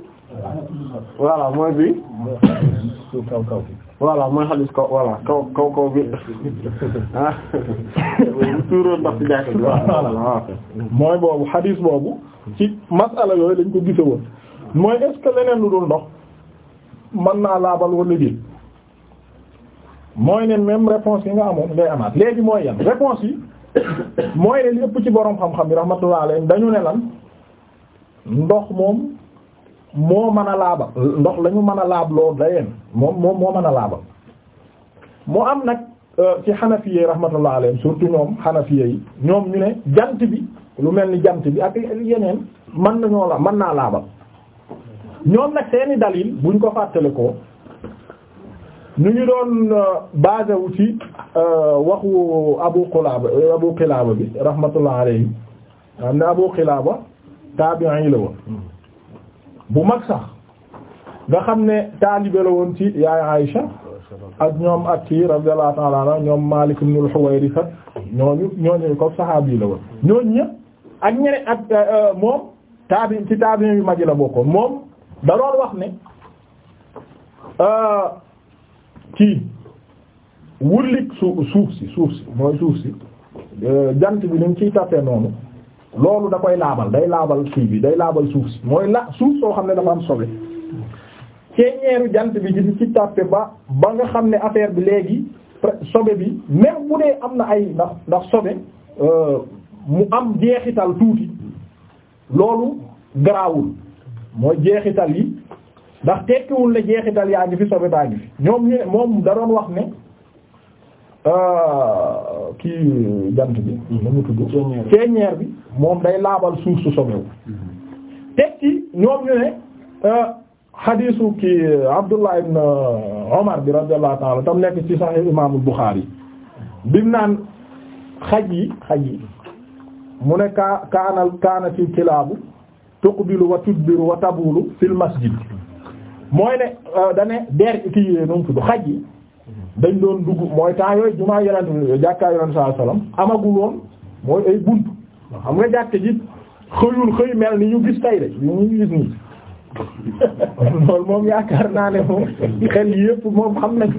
voilà mooy bi kaw kaw voilà mooy xadis kaw voilà kaw kaw kaw bi tuuroon ah. ndax ci jàkk voilà mooy boobu xadis boobu ci masala yooyu lañ ko gise woon mooy est-ce que leneen lu dul ndox mën naa laabal wala déet mooy ne même réponse yi nga amoon ngay amaat léegi mooy yan réponse yi mooy ne lépp ci borom xam-xam yi rahmatullah alayhi dañu ne lan ndox moom moo mën a laabal ndox lañu mën a laab loo dayeen moom moom moo mën a laabal mu am nag euh, ci xanafiyee rahmatullah alayhim surtout ñoom xanafiyee yi ñoom ñu ne jant bi lu mel ni jant bi ak yeneen mën nañoo la mën naa laabal ñoom nag seeni dalil buñ ko fàttale ko ñu ngi doon euh, basé ci euh, waxu Abu Qilaba bi rahmatullah alayhi am na Abu Qilaba taabi'i la woon bu mag sax nga xam ne taalibe la woon ci yaay Aïcha ak ñoom ak ci radiyallahu ta'ala anhu ñoom Malik ibn al-Huwayrith ñooñu ñooñu ko saxaabi la woon ñooñu ñëpp ak ñene ak euh, euh, moom taabi ci taabi yu mag yi la bokkoon moom da wax ne kii euh, wullik suuf suuf si suuf si mooy suuf si jant bi ni mu ciy tapé noonu loolu da koy laabal day laabal kii bi day laabal suuf mooy la suuf soo xam ne dama am sobe ceeñeeru jant bi gisi ci tàppe ba ba nga xam ne affaire bi léegi sobe bi même bu dee am na ay ndax ndax sobe euh, mu am jeexital tuuti loolu garaawul mooy jeexital yi ndax tekkiwul ne jeexital yaa ngi fi sobe baa ngi moom da doon wax ne Ah, kii jant mm-hmm. bi moom day laabal suuf su sobewu mm-hmm. teg ci ñoom ñu ne xadiisu ah, ki Abdullah ibn Umar bi radiyallahu ta'ala tam nekk ci Sahih Imam Bukhari bi naan xaj yi xaj yi mu ne kaa kaanal kaana fi kilaabu tuqbilu wa tudbiru wa tabulu fil masjid mooy ne ah, da ne der ki nu mu xaj yi dañ doon dugg mooy taa yooyu jumaa yonent jàkkaay yonent saa salaam amagul woon mooy ay bunt xam nga jàkk ji xëyul xëy mel ni ñu gis tay de ñu ñu gis nii moom yaakaar naa ne moom xel yëpp moom xam nañ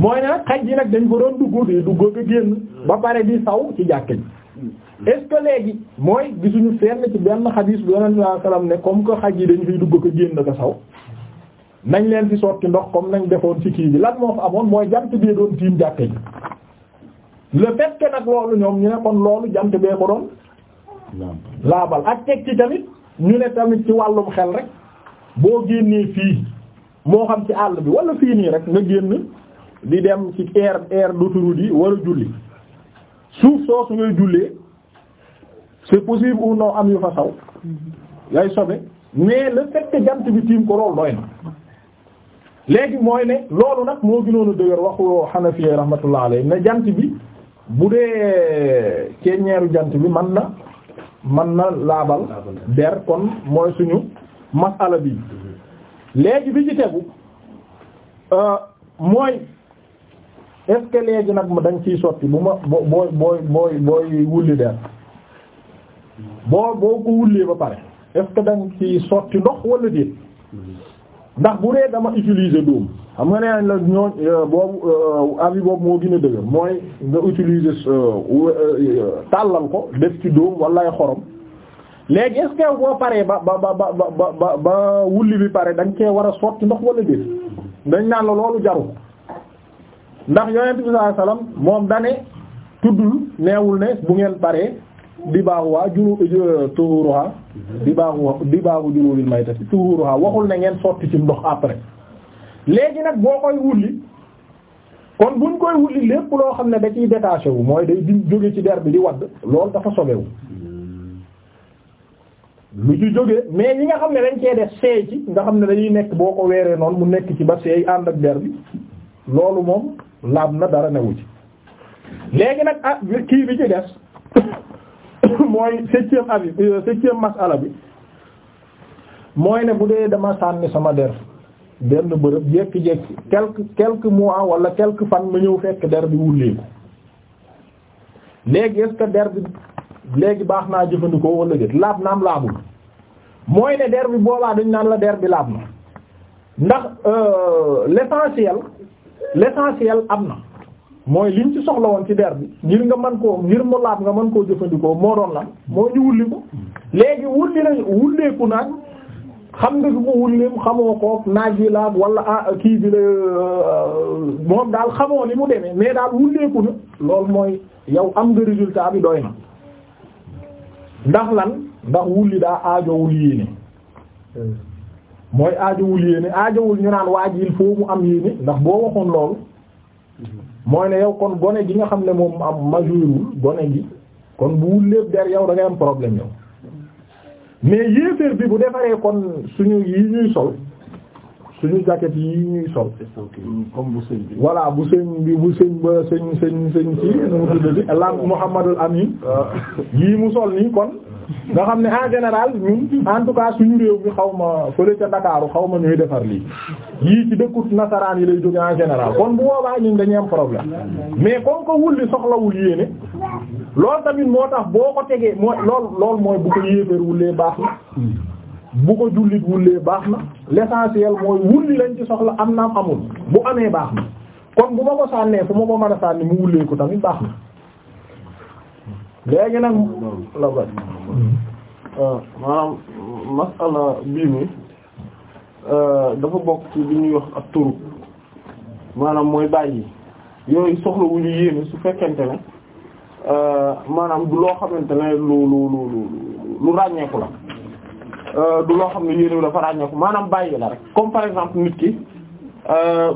mooy ne nag xaj yi nag dañ ko doon dugg di dugg ko génn ba pare di saw ci jàkk ji est-ce que léegi mooy gisuñu fenn ci benn xadiis bu yonent saa salaam ne comme que xaj yi dañ fiy dugg ko génn ko saw nañ leen di fi sotti ndox comme nañ defoon ci kii bi lan moo fa amoon mooy jant bee doon tiim jàkke ji le fait nag loolu ñoom ñu ne kon loolu jant bee ko doon laabal ak teg ci tamit ñu ne tamit ci wàllum xel rek boo génnee fii moo xam ci àll bi wala fii nii rek nga génn di dem ci air air d'autoroute yi war a julli suuf soosu ngay jullee c'est possible ou non am yu fa saw lay mm-hmm. sobe mais le fait jant bi tiim ko loolu doy na léegi mooy ne loolu nag moo gënoon a dëgër waxu Hanafi rahmatullah alayhi ne jant bi bu dee ceeñeeru jant bi man na man na laabal der kon mooy suñu masala bi léegi bi ci tegu euh, mooy est-ce léegi nag ma dañ ciy sotti bu ma bo booy booy booy booy wulli der boo boo ko wullee ba pare est-ce ciy sotti ndox wala déet ndax bu dee dama utilise dóom xam nga nee nañ la ñoo euh, boobu euh, avis boobu moo gin a dëgër mooy nga utiliser euh, tàllal ko def ci dóom wala ay xorom léegi est-ce que paree ba ba ba ba ba ba wulli bi pare da nga war a sotti ndox walla déet dañ naan loolu jaru ndax yonent bi sallallahu alayhi wasallam moom dane tuddul neewul ne bu ngeen paree di baaxu waa juru tuhuruha di baaxu di baaxu jururil maytati tuhuruha waxul ne ngeen sotti ci ndox après léegi nag boo koy wulli kon buñ koy wulli lépp loo xam ne da ciy détaché wu mooy day di jóge ci der bi di wadd loolu dafa sobewu lu ci jógee mais ñi nga xam ne dañ cee def seey ci nga xam ne dañuy nekk boo ko weeree noonu mu nekk ci ba seey ànd ak der bi loolu moom laab na dara newu ci léegi nag ah kii bi ci des mooy septième abi euh, septième masala bi mooy ne bu dee dama sànni sama der benn bërëb jekki-jekki quelque quelques mois wala quelques fan ma ñëw fekk der bi wulleeku léegi est der bi léegi baax naa jëfandikoo wala déet laab naam laabul mooy ne der bi boobaa dañ naan la der bi laab na ndax euh, l'essentiel l'essentiel am na mooy lim ci soxla woon ci der bi ngir nga mën koo ngir mu laab nga mën koo jëfandikoo moo doon lan moo ñu li ko léegi wul nañ wulleeku naaj xam nga ko wulleem xamoo ko naaj wi laab wala ah kii bi euh, moom daal xamoo li mu demee mais daal wulleeku na loolu mooy yow am nga résultat bi doy na ndax lan ndax wulli daa aajowul yéene mooy aajowul yéene aajowul ñu naan waaj il faut mu am yéene ndax boo waxoon lool mooy ne yow kon gone gi nga xam ne moom am majeurul gone gi kon bu wul der yow da ngay am problème yow mais yéeféer bi bu defaree kon suñu yi ñuy sol suñu jaquette yi ñuy sol. comme bu sëñ bi. voilà bu sëñ bi bu sëñ ba sëñ sëñ sëñ ci nu mu tuddati. Muhammadul Amin. Ah. yii mu sol nii kon. nga xam ne en général ñun en tout suñu réew mi xaw ma fële ca Ndakaaru xaw ma ñuy defar lii yii ci dëkkut nasaraan yi lay jóge en général kon bu boobaa ñun dañuy am problème mais comme que wulli soxlawul yéene loolu tamit moo tax boo ko tegee mooy lool lool mooy bu ko yéeféer wullee baax na bu ko jullit wullee baax na l'essentiel mooy wulli lañ ci soxla am naam amul bu amee baax na kon bu ma ko sànnee fu ma ko man a sànni mu wullee ko tamit baax na léegi nag hmm. la ba hmm. ah, maanaam masala bii mi euh, dafa bokk ci li ñuy wax ak turu maanaam mooy bàyyi yooyu soxla wu ñu yéene su fekkente ne euh, maanaam du loo xamante ne lu lu lu lu ràññeeku la euh, du loo xam ne yéene dafa ràññeeku maanaam bàyyi la rek comme par exemple nit ki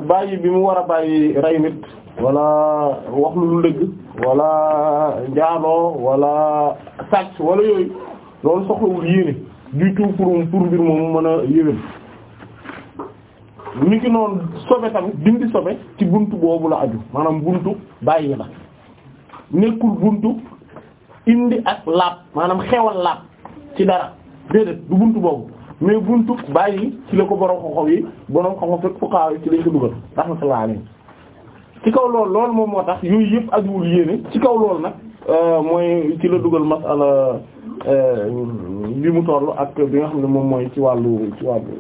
bàyyi bi mu war a bàyyi rey nit wala wax lu lu dëgg walla njaaloo walla sàcc wala yooyu loolu soxlawul yéene du tout pour pour mbir moom mën a yéwén ni ki noonu sobe tamit dindi sobe ci buntu boobu la aju maanaam buntu bàyyi la nekkul buntu indi ak laab maanaam xewal laab ci dara déedéet du buntu boobu mais buntu bàyyi ci la ko borom xaw yi borom xaw fekk fu xaaw yi ci lañ ko dugal rahmatullahi alayhi ci kaw lool lool moom moo tax yooyu yëpp ajuwul yéene ci kaw lool nag euh, mooy ci la dugal masala euh, bi mu toll ak bi nga xam ne moom mooy ci wàllu ci wàllu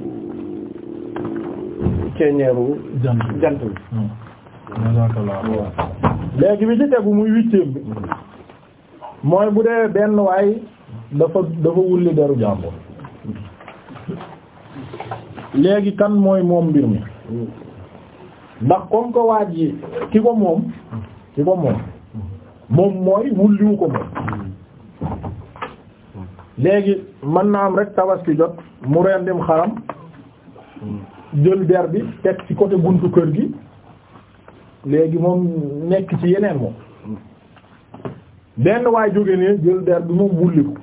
ceeñeeru jant jant bi hmm. léegi bi ci tegu muy huitième bi mooy bu dee benn waay dafa dafa wulli deru jàmbur léegi kan mooy moom mbir mi ndax comme que waa ji ki ko moom ki ko moom moom mooy wulliwu ko moom léegi man naa am rek tabaski jot mu rendim xaram jël der bi teg ci côté buntu kër gi léegi moom nekk ci yeneen moom benn waay jóge ne jël der bi moom wulli ko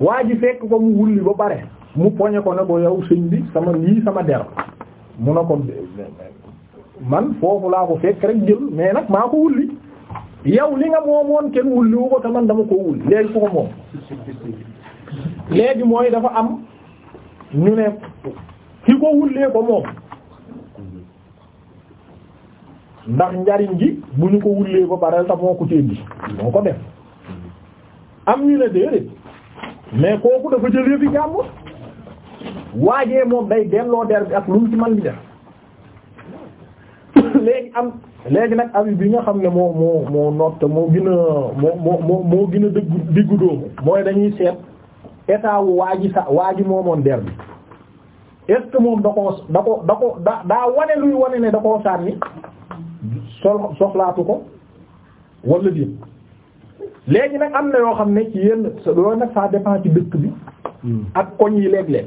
waa ji fekk ko mu wulli ba pare mu poñe ko ne ko yow sëñ bi sama lii sama der mu ne ko man foofu laa ko fekk rek jël mais nag maa ko wulli yow li nga moomoon kenn wulli wu ko te man dama ko wulli léegi ko moom léegi mooy dafa am ñu ne ki ko wullee ko moom ndax njariñ gi bu ñu ko wullee ba pare ta ko ko gi moo ko def am ñu ne déedéet mais kooku dafa jël yëfi jàmbur waajee moom day delloo der bi ak lu mu ci man li def léegi am léegi nag avis bi nga xam ne moo moo moo noot moo gën a moo moo moo moo gën a dëggu diggu mooy dañuy seet état wu waa ji sa waa moomoon der bi est moom da koo da ko da ko da daa wane luy wane ne da koo sànni sol soxlaatu ko wala déet léegi nag am na yoo xam ne ci yenn loolu nag ça dépend ci dëkk bi Mm. ak koñ yi léeg-léeg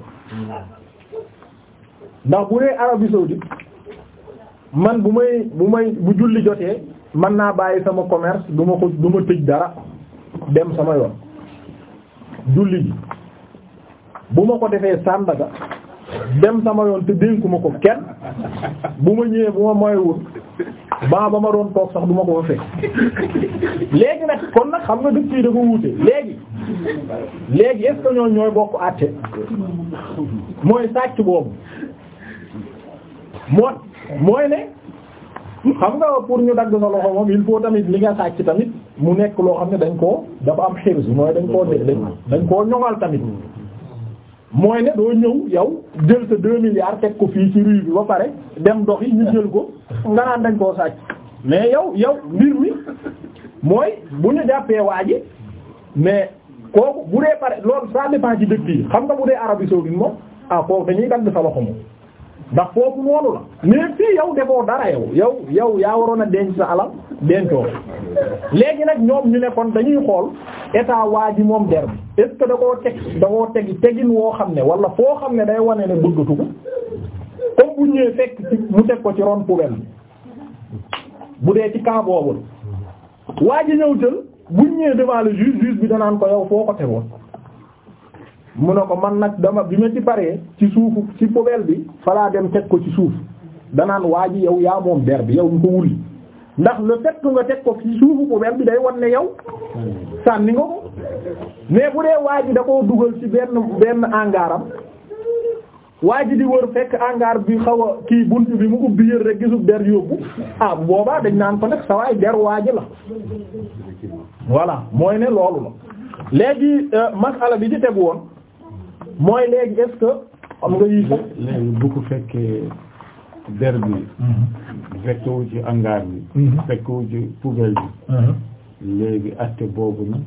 ndax bu nee Arabie saoudite man bu may bu may bu julli jotee man naa bàyyi sama commerce du ma ko du ma tëj dara dem sama yoon julli ji bu ma ko defee Sandaga dem sama yoon te dénkuma ko kenn bu ma ñëwee bu ma moywul ba ba ma doon toog sax du ma ko fa fekk léegi nag kon nag xam nga dëkk yi dafa wuute léegi léegi est-ce que ñooñu ñooy mooy sàcc boobu moo mooy ne xam nga pour ñu dagg sa loxo moom il faut tamit li nga sàcc tamit mu nekk loo xam ne dañ koo dafa am xirs mooy dañ koo de dañ koo ñoŋal tamit mooy ne doo ñëw yow jël sa deux milliards teg ko fii ci rue bi ba pare dem dox yi ko nga naan dañ koo sàcc mais yow yow mbir mi mooy bu ñu jàppee waa ji kooku bu dee pare loolu ça dépend ci dëkk yi xam nga bu dee Arabie saoudite moom ah dañuy dagg sa ndax foofu noonu la mais fii yow defoo dara yow yow yow yaa waroon a denc sa alal dencoo léegi nag ñoom ñu ne kon dañuy xool état waa ji moom der bi est ce da koo teg da koo tegi tegin woo xam ne wala foo xam ne day wane ne bëggatu ko comme bu ñëwee fekk mu teg ko ci ron poubelle bi bu dee ci cas waa ji ñëw jël buñ ñëwee devant le juge juge bi danaan ko yow foo ko tegoon mu ne ko man nag dama bi ma ci paree ci suufu ci poubelle bi falaa dem teg ko ci suuf danaan waa ji yow yaa moom der bi yow ñu ko wuli ndax la fait que nga teg ko ci suufu poubelle bi day wan ne yow sànni nga ko mais bu dee waa ji da koo dugal ci benn benn angaaram waa ji di wër fekk hangar bi xaw a kii bunt bi mu ko yër rek gisul der yóbbu ah boobaa dañ naan ko nag sa waay der waa la voilà mooy ne loolu la léegi euh, masala bi ci teg woon mooy léegi est am nga yi léegi bu fekkee der bi mhm. fekkewu ci hangar bi mhm. fekkewu ci poubelle bi mhm. léegi acte boobu na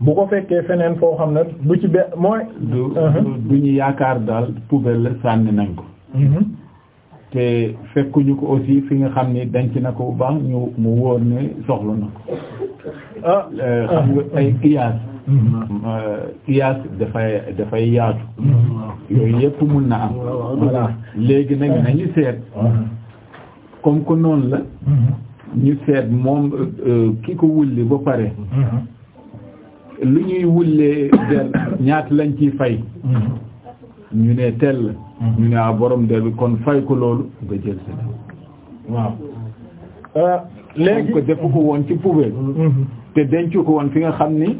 bu ko fekkee feneen foo xam na bu ci be mooy. Uh-huh. du du ñu yaakaar daal poubelle la sànni nañ ko. Mm-hmm. te fekkuñu ko aussi fi nga xam ni denc na ko bu baax ñu mu wóor ne soxla na ko. Ah. Euh, ay uh-huh. kiyaas. Mm-hmm. Euh, kiyaas dafay dafay yaatu. Mm-hmm. yooyu yëpp mun na am. voilà léegi nag uh-huh. nañu seet. comme que noonu la. ñu seet moom euh, ki ko wulli ba pare. lu ñuy wullee der ñaata lañ ciy fay ñu ne tell ñu ne a ah, borom der bi kon fay ko loolu nga jël sa dem waaw euh, léegi ko def ko woon ci poubelle te denc ko woon fi nga xam ni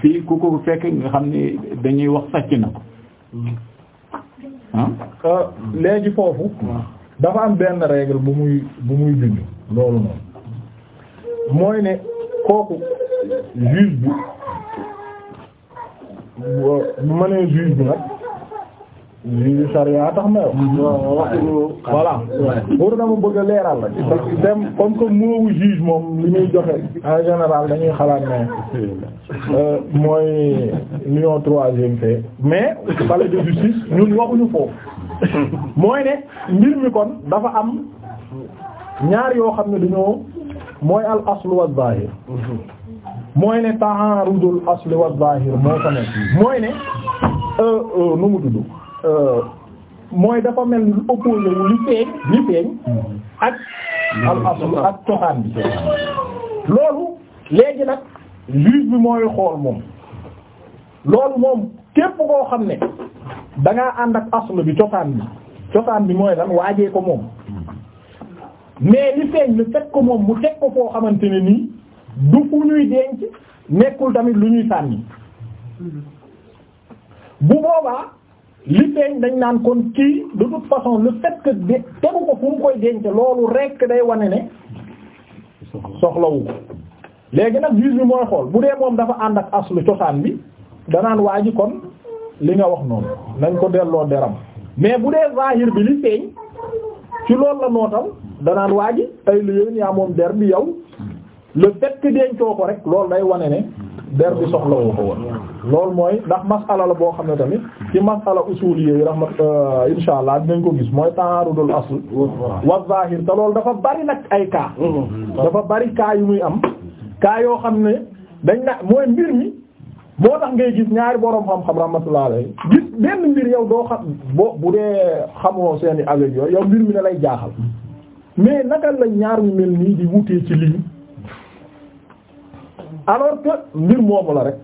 fii ku ko fekk nga xam ni dañuy wax sàcc na ko ah, ah. Euh, léegi foofu dafa am benn règle bu muy bu muy bind loolu moom mooy ne kooku juge bi bu ma nee bi nag juge charia tax ma yow. voilà pour dama bëgg a leeral la. dem comme que moowu juge moom li ñuy joxe en général dañuy xalaat ne euh, mooy lion troisième fait mais palais de justice ñun waxuñu foofu mooy ne mbir mi kon dafa am ñaar yoo xam ne dañoo mooy al aslu wa zahir mhm. mooy ne ta'arudul asli wa zahir moo ko nekk mooy ne euh, euh, nu mu tudd euh, mooy dafa mel ni opposé wu li feeñ li ak al ak cosaan bi loolu léegi nag juge bi mooy xool moom loolu moom képp koo xam ne da ngaa ànd ak aslu bi cosaan bi cosaan bi mooy lan waajee ko moom mais li feeñ ko moom mu teg ko foo xamante ne nii du fu ñuy denc nekkul tamit lu ñuy sànni bu boobaa li feeñ dañ naan kon kii de toute façon le fait que de tegu ko fu mu koy denc loolu rekk day wane ne soxlawu ko léegi nag juge bi mooy xool bu dee moom dafa ànd ak aslu cosaan bi danaan waa ji kon li nga wax noonu nañ ko delloo deram mais bu dee zahir bi li feeñ ci loolu la nootal danaan waa ji ay li yéen yaa moom der bi yow le fait que dencoo ko rek loolu day wane ne der bi soxlawu ko woon loolu mooy ndax masala la boo xam ne tamit ci masala usul yi rahmat euh, insha allah dinañ ko gis mooy taarudul asl wa zahir te lool dafa bari nag ay kaa dafa bari cas yu muy am cas yoo xam ne dañ na mooy mbir mi moo tax ngay gis ñaari borom xam-xam rahmatullah alayhi gis benn mbir yow doo xam boo bu dee xamoo seeni avec yooyu yow mbir mi ne lay jaaxal mais naka la ñaar ñu mel nii di wutee ci lii alors que mbir moomu la rek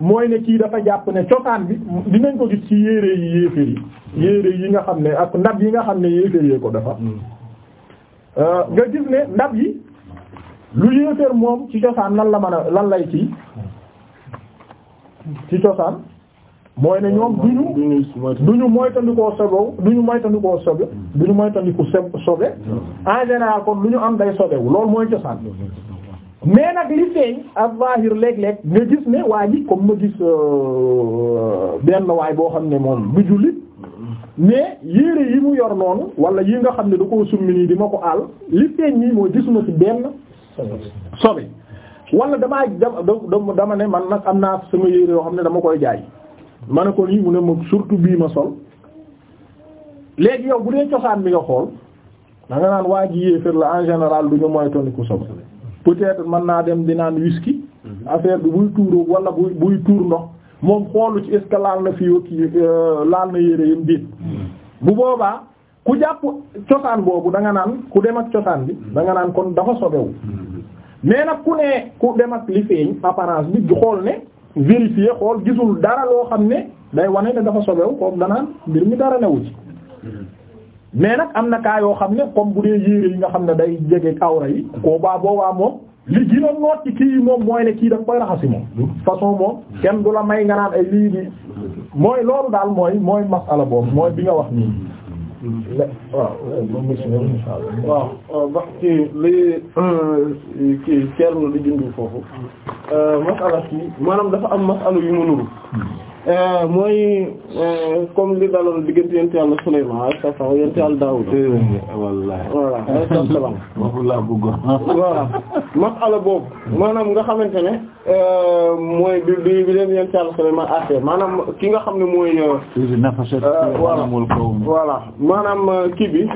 mooy ne kii dafa jàpp ne cosaan bi dinañ ko gis ci yéere yi yéeféer yi yéere yi nga xam ne ak ndab yi nga xam ne yéeféer yee ko dafa hmm. euh, nga gis ne ndab yi lu yéeféer moom ci cosaan lan la mën a lan lay ci ci cosaan mooy ne ñoom duñu hmm. duñu moytandikoo du ñu moytandikoo sobe duñu moytandiku sobe hmm. en général kon lu ñu am day sobewu loolu mooy cosaan mais nag li feeñ al-zahir léeg-léeg nga gis ne waa ji comme ma gis euh, benn waay boo xam ne moom bu jullit mais yére yi mu yor noonu wala yi nga xam ne da koo summi nii di ma ko àll li feeñ nii mooy gisuma ci benn sobe wala damaa dama dama ne man nag am naa sama yére yoo xam ne dama koy jaay ma ne ko nii mu ne ma surtout bii ma sol léegi yow bu dee cosaan bi nga xool da nga naan waa ji yéefér la en général du ñu moytandiku sobe peut-être mën naa dem di naan whisky mhm. affaire bi buy tuuroo wala buy buy tuur ndox moom xoolu ci est ce que laal na fii ak euh, laal na yére yam déet mhm. bu boobaa ku jàpp cosaan boobu da nga naan ku dem ak cosaan bi mhm. da nga naan kon dafa sobewu mais nag ku ne ku dem ak li feeñ apparence bi xool ne vérifier xool gisul dara loo xam ne day wane ne dafa sobewu kooku danaan mbir mi dara newu ci mais nag am na kaa yoo xam ne comme bu dee yére yi nga xam ne day jege awra yi koo baa boobaa moom li gën a noot ci kii yi moom mooy ne kii da koy raxasi moom façon moom kenn du la may nga naan ay lii bi mooy loolu daal mooy mooy masala boobu mooy bi nga wax nii waaw waaw bax ci li kii euh, ceerlu euh, masala ci maanaam dafa am masala yu ma nuru Euh, mooy euh, comme li daloon diggante yent yàlla Sulaymaan alayhi salaam yent yàlla Daawuud eh, wallaahi voilà alayhi salaam boobu maanaam nga xamante ne euh, mooy bi bi bi leen yent yàlla Sulaymaan atte maanaam ki nga xam ne mooy voilà voilà maanaam kii bi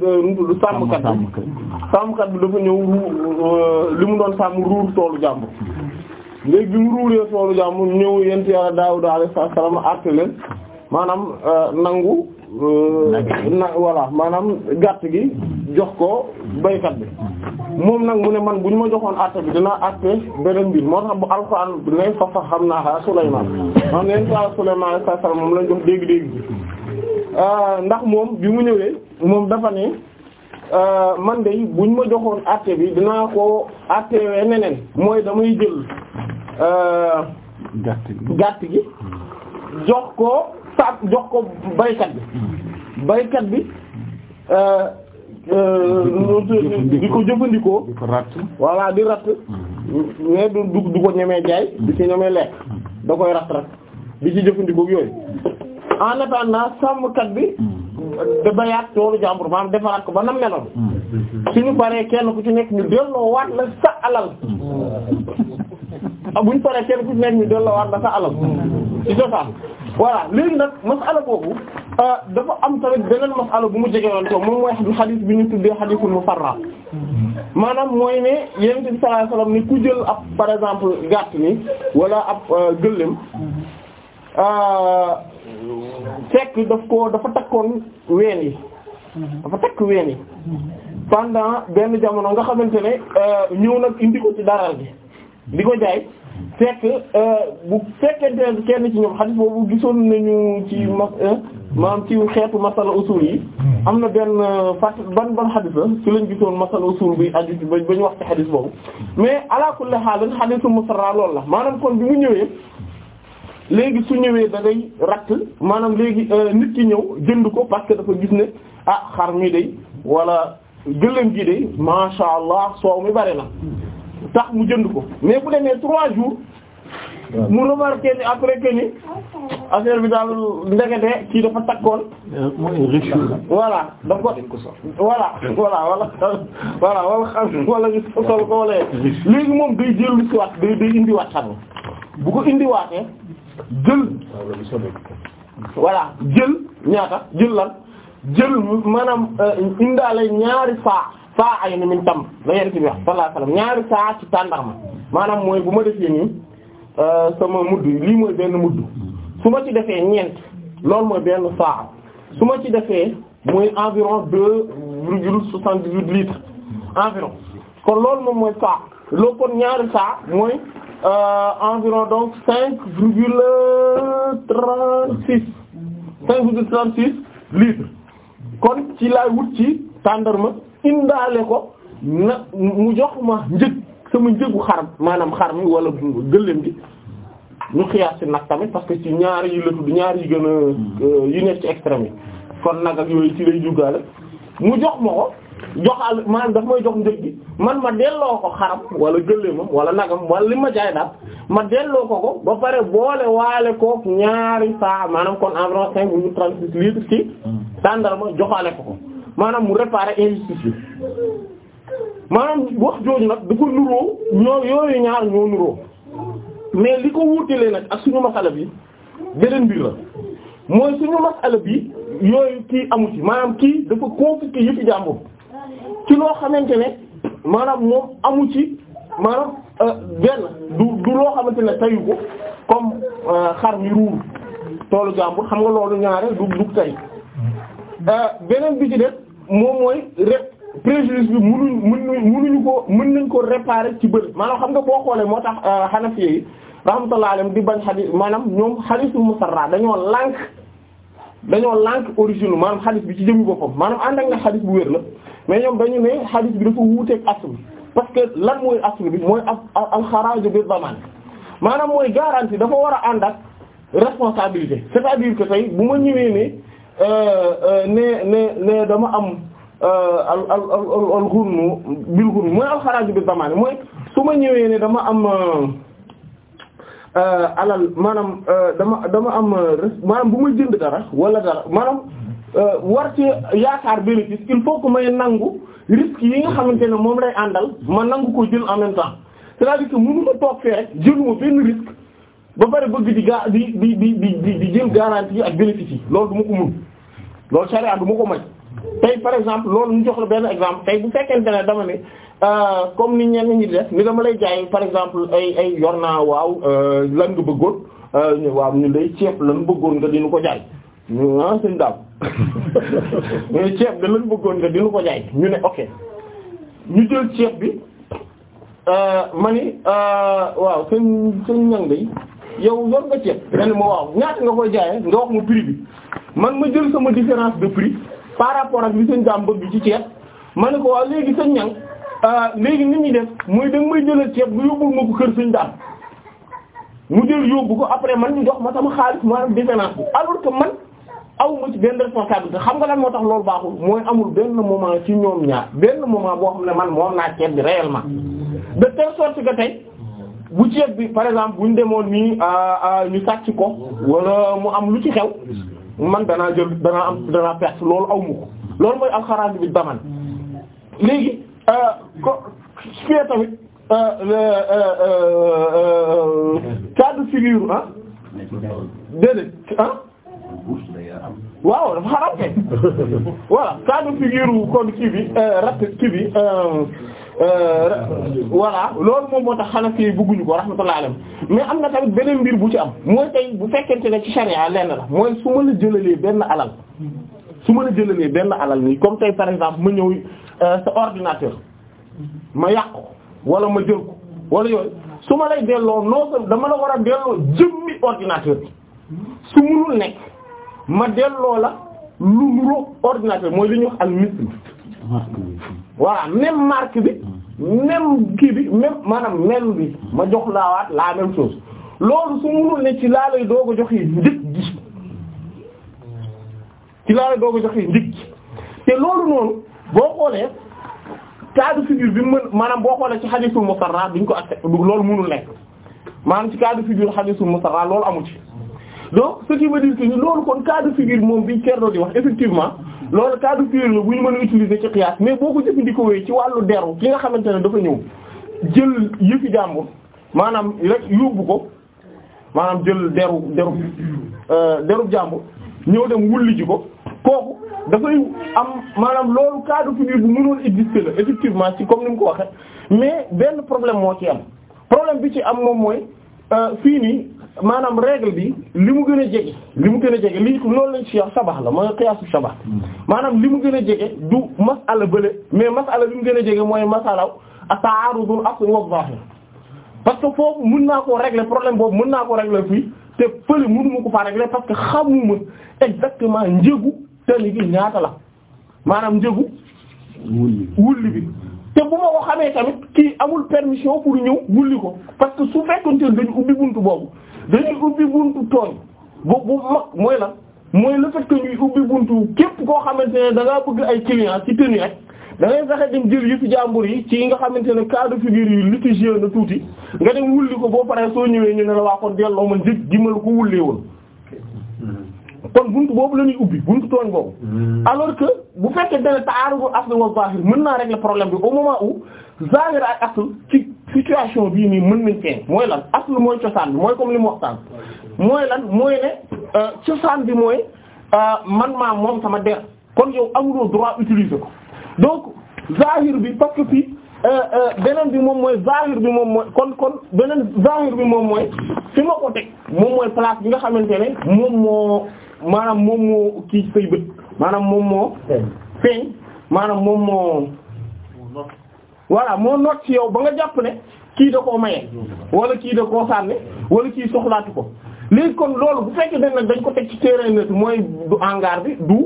du sàmmkat bi sàmmkat bi dafa ñëw li mu doon sàmm ruur toolu jàmbur léegi bi mu ruuree soolu jaam mu ñëw yent yàlla Daawud leen maanaam euh, nangu euh, na voilà maanaam gàtt gi jox ko baykat bi moom nag mu ne man bu ñu ma joxoon àtte bi dinaa àtte beneen bi ne fa fa xam naa xaa Sulaymaan maanaam leen sa Sulaymaan moom lañ jox dégg-dégg bi euh, ndax moom bi mu ñëwee moom dafa ne man de bu ñu ma joxoon àtte bi dinaa ko àttewee neneen mooy damay jël Euh, gàtt gi jox ko sa jox ko baykat bi baykat bi euh, euh, di ko jëfandikoo di ko ratt di ratt mais du du ko ñemee jaay di ci ñemee lekk da koy ratt rek di ci jëfandikoo yooyu en attendant sàmmkat bi hmm. dabayaat toolu ma maanaam defaraat ko ba nam meloon hmm. suñu paree kenn ku ci nekk ñu delloo waat la sa alal hmm. ah, buñ paree kenn ku ci nekk ñu delloo waat la sa alal ci hmm. cosaan voilà léegi nag masala boobu euh, dafa am tamit beneen masala bu mu jegewoon ko moom mooy xadiis bi ñu tuddee xadiisul mufarra maanaam mooy ne yonent bi sallallahu alayhi wasallam ni ku jël ab par exemple gàtt ni wala ab euh, gëléem euh, fekk daf ko dafa takkoon ween yi mhm. dafa takk ween yi pendant benn jamono nga xamante ne euh, ñëw nag indi ko ci daral bi di ko jaay fekk euh, bu fekkente ne kenn ci ñoom xadis boobu gisoon nañu ci ma euh, maam ci xeetu masala usul yi mhm. am na benn fàtt ban ban xadis la ci lañ gisoon masala usul bi aju ba ñu wax ci xadis boobu mais ala kulli xaal xadisu musarra loolu la maanaam kon bi mu ñëwee léegi su ñëwee da ngay ratt maanaam léegi euh, nit ki ñëw jënd ko parce que dafa gis ne ah xar mi day wala gëléem gi day masha Allah soow mi bari na tax mu jënd ko mais bu demee trois jours mu remarqué ni après que ni affaire bi daal ndekete kii dafa takkoon. voilà da ko voilà voilà wala voilà wala xam wala ñu sol ko léegi moom day jël lu si waat day day indiwaat xam bu ko indiwaatee. jël voilà jël ñaata jël lan jël maanaam euh, indaale ñaari saa saa ay na min tam la yent bi wax sallallahu alayhi wasallam ñaari saa ci tàndarma maanaam mooy bu ma defee nii euh, sama mudd lii mooy benn mudd su ma ci defee ñeent loolu mooy benn saa su ma ci defee mooy environ deux virgule soixante-dix-huit litres environ kon loolu moom mooy saa loo kon ñaari saa mooy Euh, environ donc cinq virgule trente-six cinq virgule trente-six kon ci laay wut ci tàndarma indaale ko na mu jox ma njëg sama njëgu xar maanaam xar mi wala gëléem gi ñu xiyaas ci nag tamit parce que ci ñaar yi la tudd ñaar yi gën a hmm. euh, yi ci extrême yi kon nag ak yooyu ci lay juggaale mu jox ma ko joxal maanaam daf may jox njëg gi man ma delloo ko xaram wala gëléemam wala nagam wala li ma jaay daal ma delloo ko ko ba pare boole waale ko ñaari saa maanaam kon environ cinq mille trente-six litres ci tàndarma joxaale ko ko maanaam mu réparer injustice bi maanaam wax jooju nag du ko nuróo ñoo yooyu ñaar ñoo nuróo mais li ko wuutelee nag ak suñu masala bi beneen mbir la mooy suñu masala bi yooyu kii amu ci maanaam kii dafa confisquer yëpp ci loo xamante ne maanaam moom amu ci maanaam euh, benn du du loo xamante ne tayu ko comme euh, xar mi ruur toolu jàmbur xam nga loolu ñaare du du tay euh, beneen bi ci def moom mooy rek préjudice bi mu munuñ munuñu ko mën nañ ko réparer ci bët maanaam xam nga boo xoolee moo tax Hanafi yi rahmatullahi alayhim di bañ xadis maanaam ñoom xadisu musarra dañoo lànk dañoo lànk original maanaam xadis bi ci jëmi boppam maanaam ànd ak na xadis bu wér la mais ñoom dañu ne hadith bi dafa wuuteeg asl parce que lan mooy asl bi mooy alxaraaju bi damaan maanaam mooy garantie dafa war a ànd ak responsabilité cest à que tey bu ma ñëwee ne euh, euh, ne ne dama am euh, al al bi damaan mooy su ma ñëwee ne dama am alal maanaam dama dama am maanaam bu ma jënd dara wala dara maanaam. Euh, war ci yaakaar bénéfice il faut que may nangu risque yi nga xamante ne moom lay àndal ma nangu ko jël en même temps c'est-à-dire que mënu ma toog fee rek jëluma benn risque ba pare bëgg di ga di di di di di jël garantie ak bénéfice yi loolu du ma ko mun loolu charia du ma ko may tey par exemple loolu ñu jox la benn exemple tey bu fekkente ne dama ne euh, comme ni ñenn ñi def ni dama lay jaay par exemple ay ay yor naa waaw euh, lan nga bëggoon waaw ñu lay ceeb lan bëggoon nga dinu ko jaay ah suñu daal mais ceeb da lañ bëggoon nga dina ko jaay ñu ne ok jël ceeb bi euh, ma ni euh, waaw seen seen ñang day yow yor nga ceeb nga ne ma waaw ñaata nga koy jaayee nga ma prix bi man ma jël sama différence de prix par rapport ak li seen daam bëgg ci ceeb ma ne ko waaw léegi seen ñang euh, léegi nit ñi def muy da nga may jëlal ceeb nga yóbbul ma ko kër seen daam mu jël yóbbu ko après man ñu jox ma sama xaalis maanaam différence bi alors que man. aw ma ci benn responsabilité xam nga lan moo tax loolu baaxul mooy amul benn moment ci ñoom ñaar benn moment boo xam ne man moom naa ceeb bi réellement de telle sorte que tey bu ceeb bi par exemple buñ demoon nii euh, euh, ñu sàcc ko wala mu am lu ci xew man danaa jël danaa am danaa perte loolu aw mu ko loolu mooy alxaraan bi daman léegi euh, ko fie tamit cas de figure ah déedéet ah waaw dafa xaram kay voilà cas de figure kon kii bi euh, rat kii bi euh, euh, voilà loolu moom moo tax Hanafi yi bëgguñu ko rahmatullahi alayhi mais am na tamit beneen mbir bu ci am mooy tey bu fekkente ne ci charia lenn la mooy su ma la jëlalee benn alal su ma la jëlalee benn alal nii comme tey par exemple ma ñëw sa ordinateur ma yàq ko wala ma jël ko wala yooyu su ma lay delloo non dama la war a delloo jëmmi ordinateur bi su munul nekk. ma delloo la lu nuro ordinateur mooy li ñuy wax al misl voilà mark marque bi même kii bi même maanaam mel bi ma jox laawaat la même chose loolu su munul ne ci laa lay doog a jox yi njëg gi ci laa lay doog a jox yi njëg te loolu noonu boo xoolee cas de bi mu mën maanaam boo xoolee ci xadisul musarra duñ ko accepté loolu munul nekk maanaam ci cas de figure xadisul musarra loolu amu ci donc ce qui veut dire que loolu kon cas de figure moom biñ Thierno di wax effectivement loolu cas de figure la bu ñu mën a utiliser ci xiyaas mais boo ko jëfandikoowee ci wàllu deru ki nga xamante ne dafa ñëw jël yëfi jàmbur maanaam rek yóbbu ko maanaam jël deru deru euh, deru jàmbur ñëw dem wulli ci ko kooku dafay am maanaam loolu cas de figure bu mënoon exister la effectivement ci comme ni mu ko waxee mais benn problèm moo ci am problème bi ci am moom mooy euh, fii nii maanaam règle bi li mu gën a jege li mu gën a jege lii loolu na ci wax sabax la mooy xiyaasu sabax hmm. maanaam li mu gën a jege du masala bële mais masala li mu gën a jege mooy masala at-ta'arudul asl wa zahir parce que foofu mun naa koo régler problème boobu mën naa ko régler fii te pëli mënuma ko faa régler parce que xamuma exactement njëgu te li gi ñaata la maanaam njëgu wulli bi te bu ma ko xamee tamit kii amul permission pour ñëw wulli ko parce que su fekkonte ne dañu ubbi buntu boobu dañuy ubbi buntu tooñ boobu bu mag mooy lan mooy la fait que ñuy ubbi buntu képp koo xamante ne da ngaa bëgg ay clients ci tenue rek da ngay fexe dem jël yëfi jàmbur yi ci nga xamante ne cas de yi litigieux na tuuti nga dem wulli ko boo paree soo ñëwee ñu ne la waa kon delloo man jëg gi ma la ko wullee woon kon buntu boobu la ñuy ubbi buntu tooñ boobu. Hmm. alors que bu fekkee dana ta'arudu asl wa zahir mën naa régler problème bi au moment où zahir ak asl ci situation bii nii mën nañ cee mooy lan asl mooy cosaan bi mooy comme li mu waxtaan. mooy lan mooy ne euh, cosaan bi mooy euh, man maa moom sama der kon yow amuloo droit utiliser ko donc zahir bi parce que fii. Euh, beneen bi moom mooy zahir bi moom mooy kon kon beneen zahir bi moom mooy fi ma ko moom mooy place bi nga xamante ne moom maanaam moom moo kii say bët maanaam moom moo feeñ maanaam moom moo voilà moo noot ci yow ba nga jàpp ne kii da koo maye wala kii da koo sànne wala kii soxlaatu ko léegi kon loolu bu fekkee dañ nag dañ ko teg ci terrain neutre mooy du hangar bi du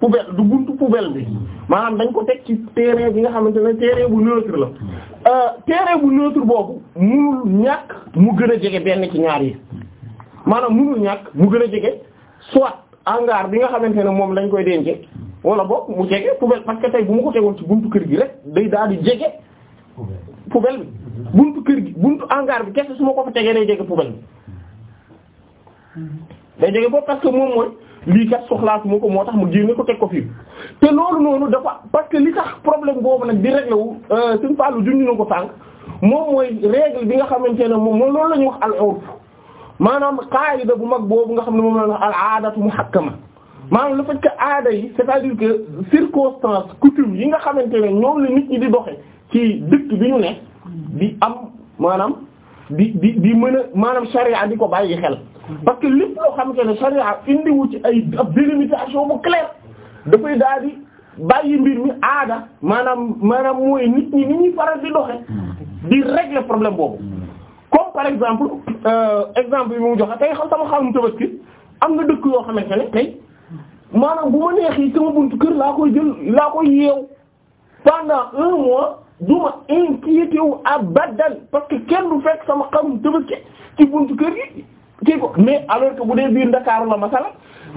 poubelle du buntu poubelle bi maanaam dañ ko teg ci terrain bi nga xamante ne terrain bu neutre la euh, terrain bu neutre boobu munul ñàkk mu gën a jege benn ci ñaar yi maanaam munul ñàkk mu gën a jege soit hangar bi nga xamante ne moom lañ koy dencee wala boog mu jege poubelle parce que tey bu mu ko tegoon ci buntu kër gi rek day daal di jege poubelle bi buntu kër gi buntu hangar bi kese su ma ko fa tegee day jege poubelle bi day jege boobu parce que moom mooy lii kat soxlaat moo ko moo tax mu génne ko teg ko fii te loolu noonu dafa parce que li tax problème boobu nag di réglé wu euh, suñu faalu junj ko sànq moom mooy règle bi nga xamante ne moom mooy loolu la ñuy wax al urf maanaam qaayida bu mag boobu nga xam ne moom la wax al aadatu muhakkama maanaam la faj que aada yi c'est-à-dire que circonstance coutume yi nga xamante ne ñoom la nit ñi di doxe ci dëkk bi ñu ne di am maanaam di di di mën a maanaam sharia di ko bàyyi xel parce que lépp loo xamante ne sharia indiwu ci ay ab délimitation bu claire dafay daal di bàyyi mbir mi aada maanaam maanaam mooy nit ñi ni ñuy faral di doxe di régler problème boobu par exemple euh, exemple bi mu joxe tey xam sama xarum tabaski am na dëkk yoo xamante ne tey maanaam bu ma neexee sama buntu kër laa koy jël laa koy yeew pendant un mois du ma inquiété wu abadan parce que kenn du fekk sama xarum tabaski ci buntu kër yi kii ko mais alors que bu dee biir Ndakaaru la masala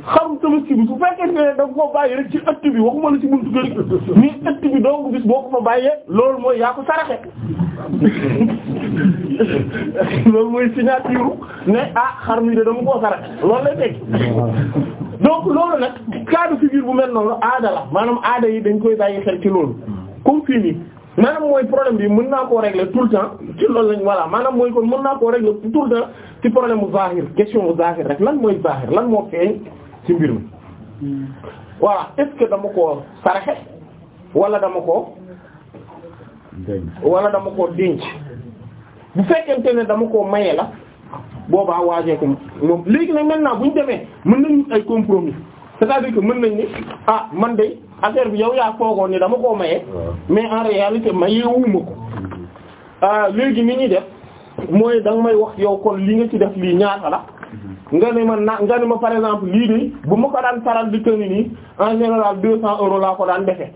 xarum tabaski bi bu fekkee ne da nga koo bàyyi rek ci ëtt bi waxuma la ci buntu kër ni ëtt bi dong bis boo ko fa bàyyee loolu mooy yaa ko saraxe loolu mooy signature ne ah xar mi de dama koo saraxe loolu lay fekk donc loolu nag cas de figure bu mel noonu aada la maanaam aada yi dañ koy bàyyi xel ci loolu comme fii nii maanaam mooy problème bi mën naa koo régler tout le temps ci loolu lañ voilà maanaam mooy kon mën naa koo régler tout le temps ci problème bu zahir question rek lan mooy zahir lan moo feeñ ci mbir mi voilà est dama ko saraxe wala dama ko wala dama ko denc bu fekkente ne dama ko maye la boobaa waajee ko moom léegi nag maintenant bu ñu demee mën nañu ay compromis c'est-à-dire que mën nañ ni ah man de affaire bi yow yaa foogoon ni dama koo maye mais en réalité maye wuma ko ah, léegi ni ñuy def mooy danga may wax yow kon li nga ci def lii ñaata la nga ne ma na nga ne ma par exemple lii de bu ma ko daan faral di tënni nii en général 200 euros laa ko daan defee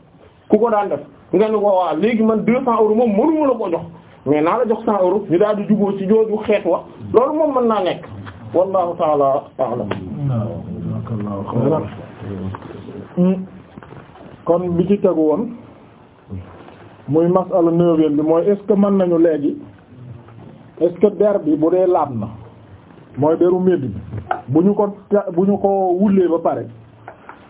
ku ko daan def nga ne ko waaw léegi man 200 euros moom mënuma la ko jox mais naa la jox 100 euros ñu daal di jubóo ci jooju xeet wa loolu moom mën naa nekk wallahu ta'ala a'lam kon bi ci tegu woon muy masala neuvième bi mooy est-ce mën nañu léegi est-ce bu dee laab na mooy deru médd bu ñu ko bu ñu ko wullee ba pare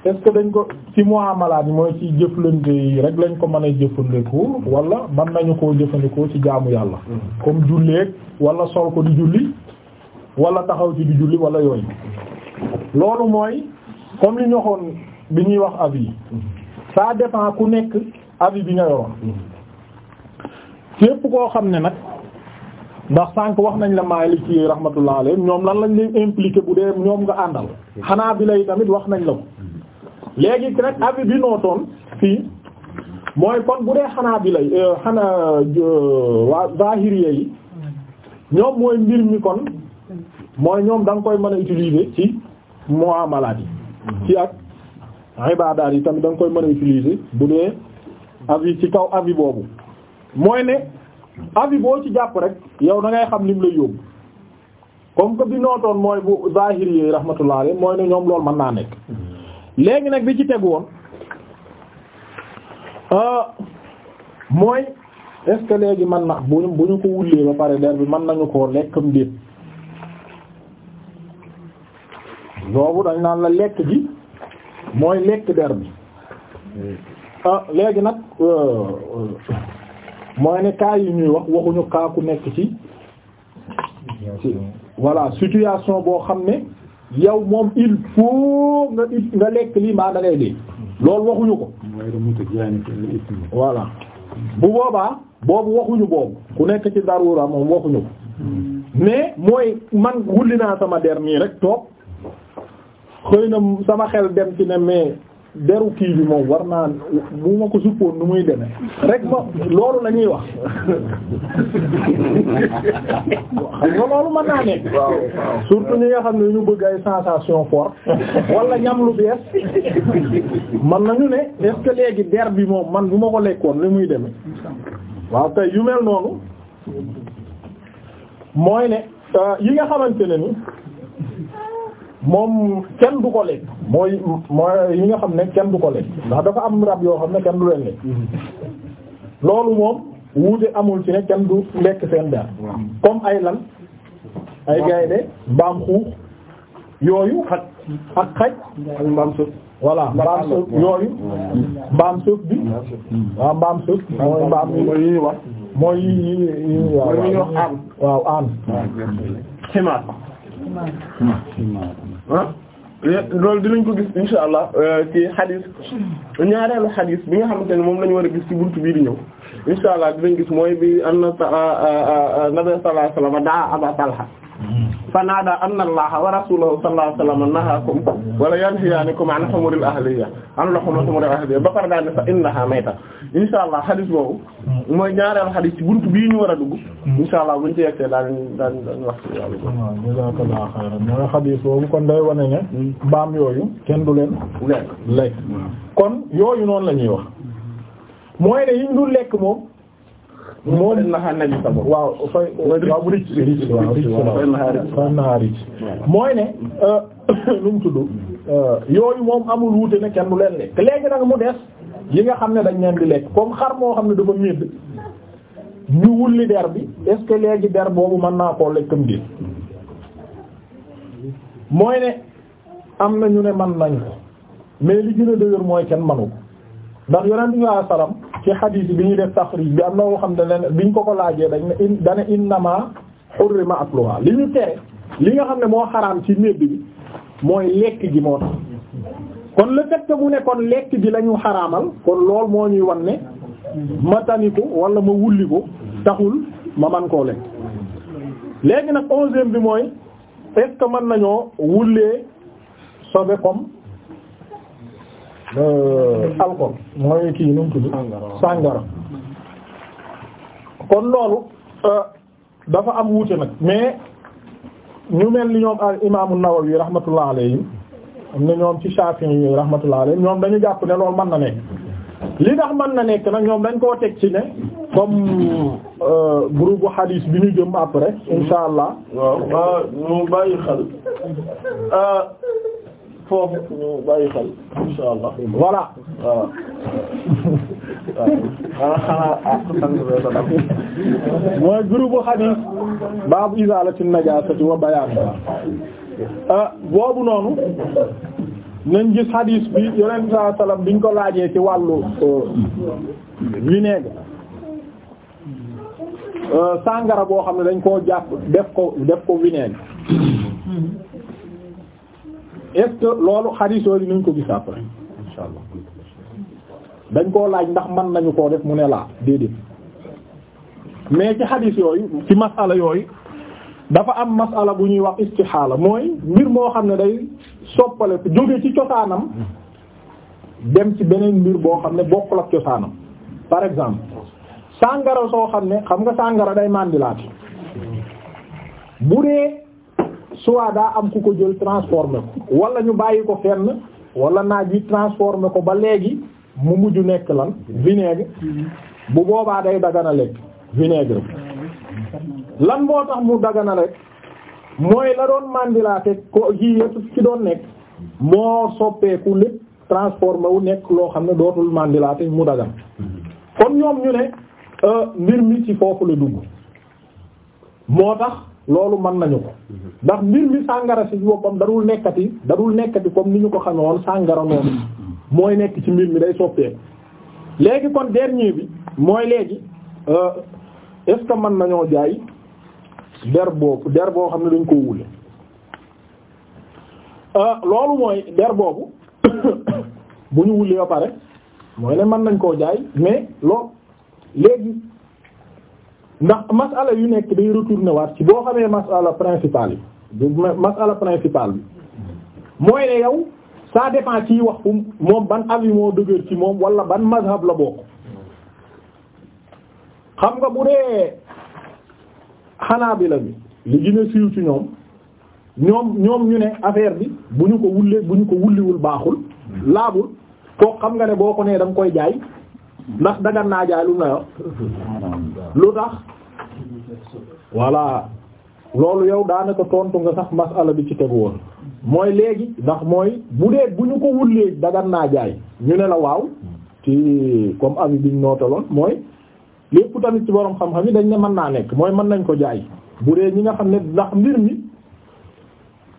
est-ce que dañ ko ci muamalaat yi mooy ci jëflante yi rek lañ ko mën a jëfandikoo wala mën nañu koo jëfandikoo ci jaamu yàlla comme julleeg wala sol ko di julli wala taxaw ci di julli wala yooyu loolu mooy comme li ñu waxoon bi ñuy wax avis ça dépend ku nekk avis bi nga yoroon képp koo xam ne nag ndax sànq wax nañ la Maliki yi rahmatullah alayhim ñoom lan lañ leen impliqué bu dee ñoom nga àndal xanaa bi lay tamit wax nañ la ko léegi rek avis bi nootoon fii mooy kon bu dee xanaa bi lay euh, xanaa euh, waa zahiriya yi ñoom mooy mbir mi kon mooy ñoom da koy mën a utiliser ci muamalaat yi ci ak ibaadaat yi tamit da koy mën a utiliser bu ci kaw avis boobu mooy ne avis boo ci jàpp rek yow da ngay xam lim lay yóbbu comme que bi nootoon mooy bu zahir yi rahmatullah alayhi mooy ne ñoom loolu mën naa nekk léegi nag bi ci tegu woon euh, mooy est-ce que léegi mën na bu bu ñu ko wullee ba pare der bi mën nañu koo lekkam déet boobu dañ naan la lekk gi mooy lekk der bi hmm. euh, léegi nag euh, mooy ne cas yu ñuy wax waxuñu cas ku nekk ci voilà situation boo xam ne yow moom il faut nga it nga lekk lii maa da ngay dee loolu waxuñu ko voilà bu boobaa boobu waxuñu boobu ku nekk ci darura moom waxuñu ko mais mooy man wulli naa sama der rek toog xëy na sama xel dem ci ne mais deru kii bi moom war naa bu ma ko suppoon nu muy deme rek ba loolu lañuy wax xam nga loolu mën naa nekk surtout ñi nga xam ne ñu bëgg ay sensation fort wala ñam lu bees man nañu ne est-ce léegi der bi moom man bu ma ko lekkoon li muy deme waaw tey yu noonu mooy ne euh, yi nga xamante ne ni moom kenn du ko lekk mooy mooy yi nga xam ne kenn du ko lekk ndax dafa am rab yoo xam ne kenn du leen lekk loolu moom wuute amul ci ne kenn du lekk seen der comme ay lan ay gaynde mbaam xuux yooyu xaj ak xaj mbaam suuf voilà mbaam suuf yooyu mbaam suuf bi waaw mbaam mooy mbaam yi wax yi waaw waaw aan ah eh, loolu dinañ ko gis insha allah eh, ci xadis ñaareelu xadis bi nga xamante ne moom lañu war a gis ci buntu bii di ñëw insha allah dinañ gis mooy bi anna nabi sallallahu alayhi wasallam daa Aba Talha fanaadaa anna allaha wa rasulahu sallallahu alayhi wa sallam nahaakum wala yanhiyaanikum an humuril ahliya an luhumil humuril ahliya ba pare daal ne fa innaha mayta insha allah boobu mooy ñaareelu xadis ci buntu bii ñu war a dugg insha allah buñ ci yegsee daan daan daan wax ci yàlla jazakallahu xayran mooy xadis boobu kon day wane ne hmm. baam yooyu kenn du leen lekk lekk kon yooyu noonu la ñuy wax mooy ne yiñ dul lekk moom moom waaw fay waaw bu rëcc rëcc waaw mooy ne lu euh, mu tudd euh, yooyu moom amul wuute ne kenn du leen lekk léegi nag mu des yi nga xam ne dañ leen di lekk comme xar moo xam ne dafa miid ñu wulli der bi est-ce que der boobu mën naa koo lekkam diir mooy ne am na ñu ne man nañ mais li gën a dëgër mooy kenn manu ko ndax yonent bi sallallahu ci xadiis bi ñuy def taxriij bi am na woo xam ne biñ ko ko laajee dañ ne in dana innama xurrima akluha li ñu tere li nga xam ne moo xaraam ci mébbi bi mooy lekk gi moo tax kon le fait mu ne kon lekk gi la xaraamal kon lool moo ñuy wan ne ma tani ko wala ma wulli ko taxul ma man koo lekk léegi nag onzième bi mooy est-ce mën nañoo wullee sobe comme alcool mooy kii nu mu tudd sàngara kon loolu euh, dafa am wuute nag mais ñu mel ni ñoom al imaamu Nawawi rahmatullah alayhi am na ñoom ci Shafi'i yi rahmatullah alayhi ñoom dañu jàpp ne loolu mën na nekk li tax mën na nekk nag ñoom dañ koo teg ci ne comme euh, groupe bu hadis bi ñu jëm après insha allah waaw ñu bàyyi xel euh, foofu ñu bàyyi xel insha allah voilà waaw waaw xanaa ah mooy groupe hadith baabu izalati najasati wa bayaan ah, boobu noonu nañ gis hadith bi yonent saa salaam biñ ko laajee ci wàllu euh, vinaigre euh, sàngara boo xam ne dañ koo jàpp def ko def ko vinaigre est loolu xadiis yooyu nañ ko gis après insha dañ koo laaj ndax man nañu ko def mu ne laa déedéet mais ci xadiis yooyu ci masala yooyu dafa am masala bu ñuy wax istixaala mooy mbir moo xam ne day soppale jóge ci cosaanam dem ci beneen mbir boo xam ne bokkul ak cosaanam par exemple sàngara soo xam ne xam nga sàngara day màndilaati bu dee soit daa am ku ko jël transformé ko wala ñu bàyyi ko fenn wala naaj yi transformé ko ba léegi mu mujj nekk lan vinaigre bu boobaa day dagana lekk vinaigre lan moo tax mu dagana lekk mooy la doon mandilaate ko ji yëpp ci doon nekk moo soppeeku lépp transformé wu nekk loo xam ne dootul mandilaate mu dagan kon ñoom ñu ne euh, mbir mi ci foofu la dugg moo tax loolu mën nañu ko ndax mbir mi sàngara si boppam dadul nekkati dadul nekkati comme ni ñu ko xamee woon sàngara noonu mooy nekk ci mbir mi day soppeeku léegi kon dernier bi mooy léegi euh, est ce que mën nañoo jaay der boobu der boo xam ne dañ ko wule euh, loolu mooy der boobu bu ñu wulee pare mooy ne mën nañ koo jaay mais loolu léegi ndax masala yu nekk day retourné waat ci boo xamee masala principal yi masala principale bi mooy ne yow ça dépend ci wax moom ban avis moo dëgër ci moom wala ban mazhab la bokk xam nga bu dee xanaa bi li gën a siiw ci ñoom ñoom ñoom ñu ne affaire bi bu ñu ko wullee bu ñu ko wulliwul baaxul laabul koo xam nga ne boo ko nee da koy jaay ndax dagan naa jaay lu na lu tax voilà loolu yow daanaka tontu nga sax masala bi ci tegu woon mooy léegi ndax mooy bu dee bu ñu ko wul léegi dagan naa jaay ñu ne la waaw ci comme avis biñ nootaloon mooy lépp tamit ci borom xam-xam yi dañ ne mën naa nekk mooy mën nañ ko jaay bu dee ñi nga xam ne ndax mbir mi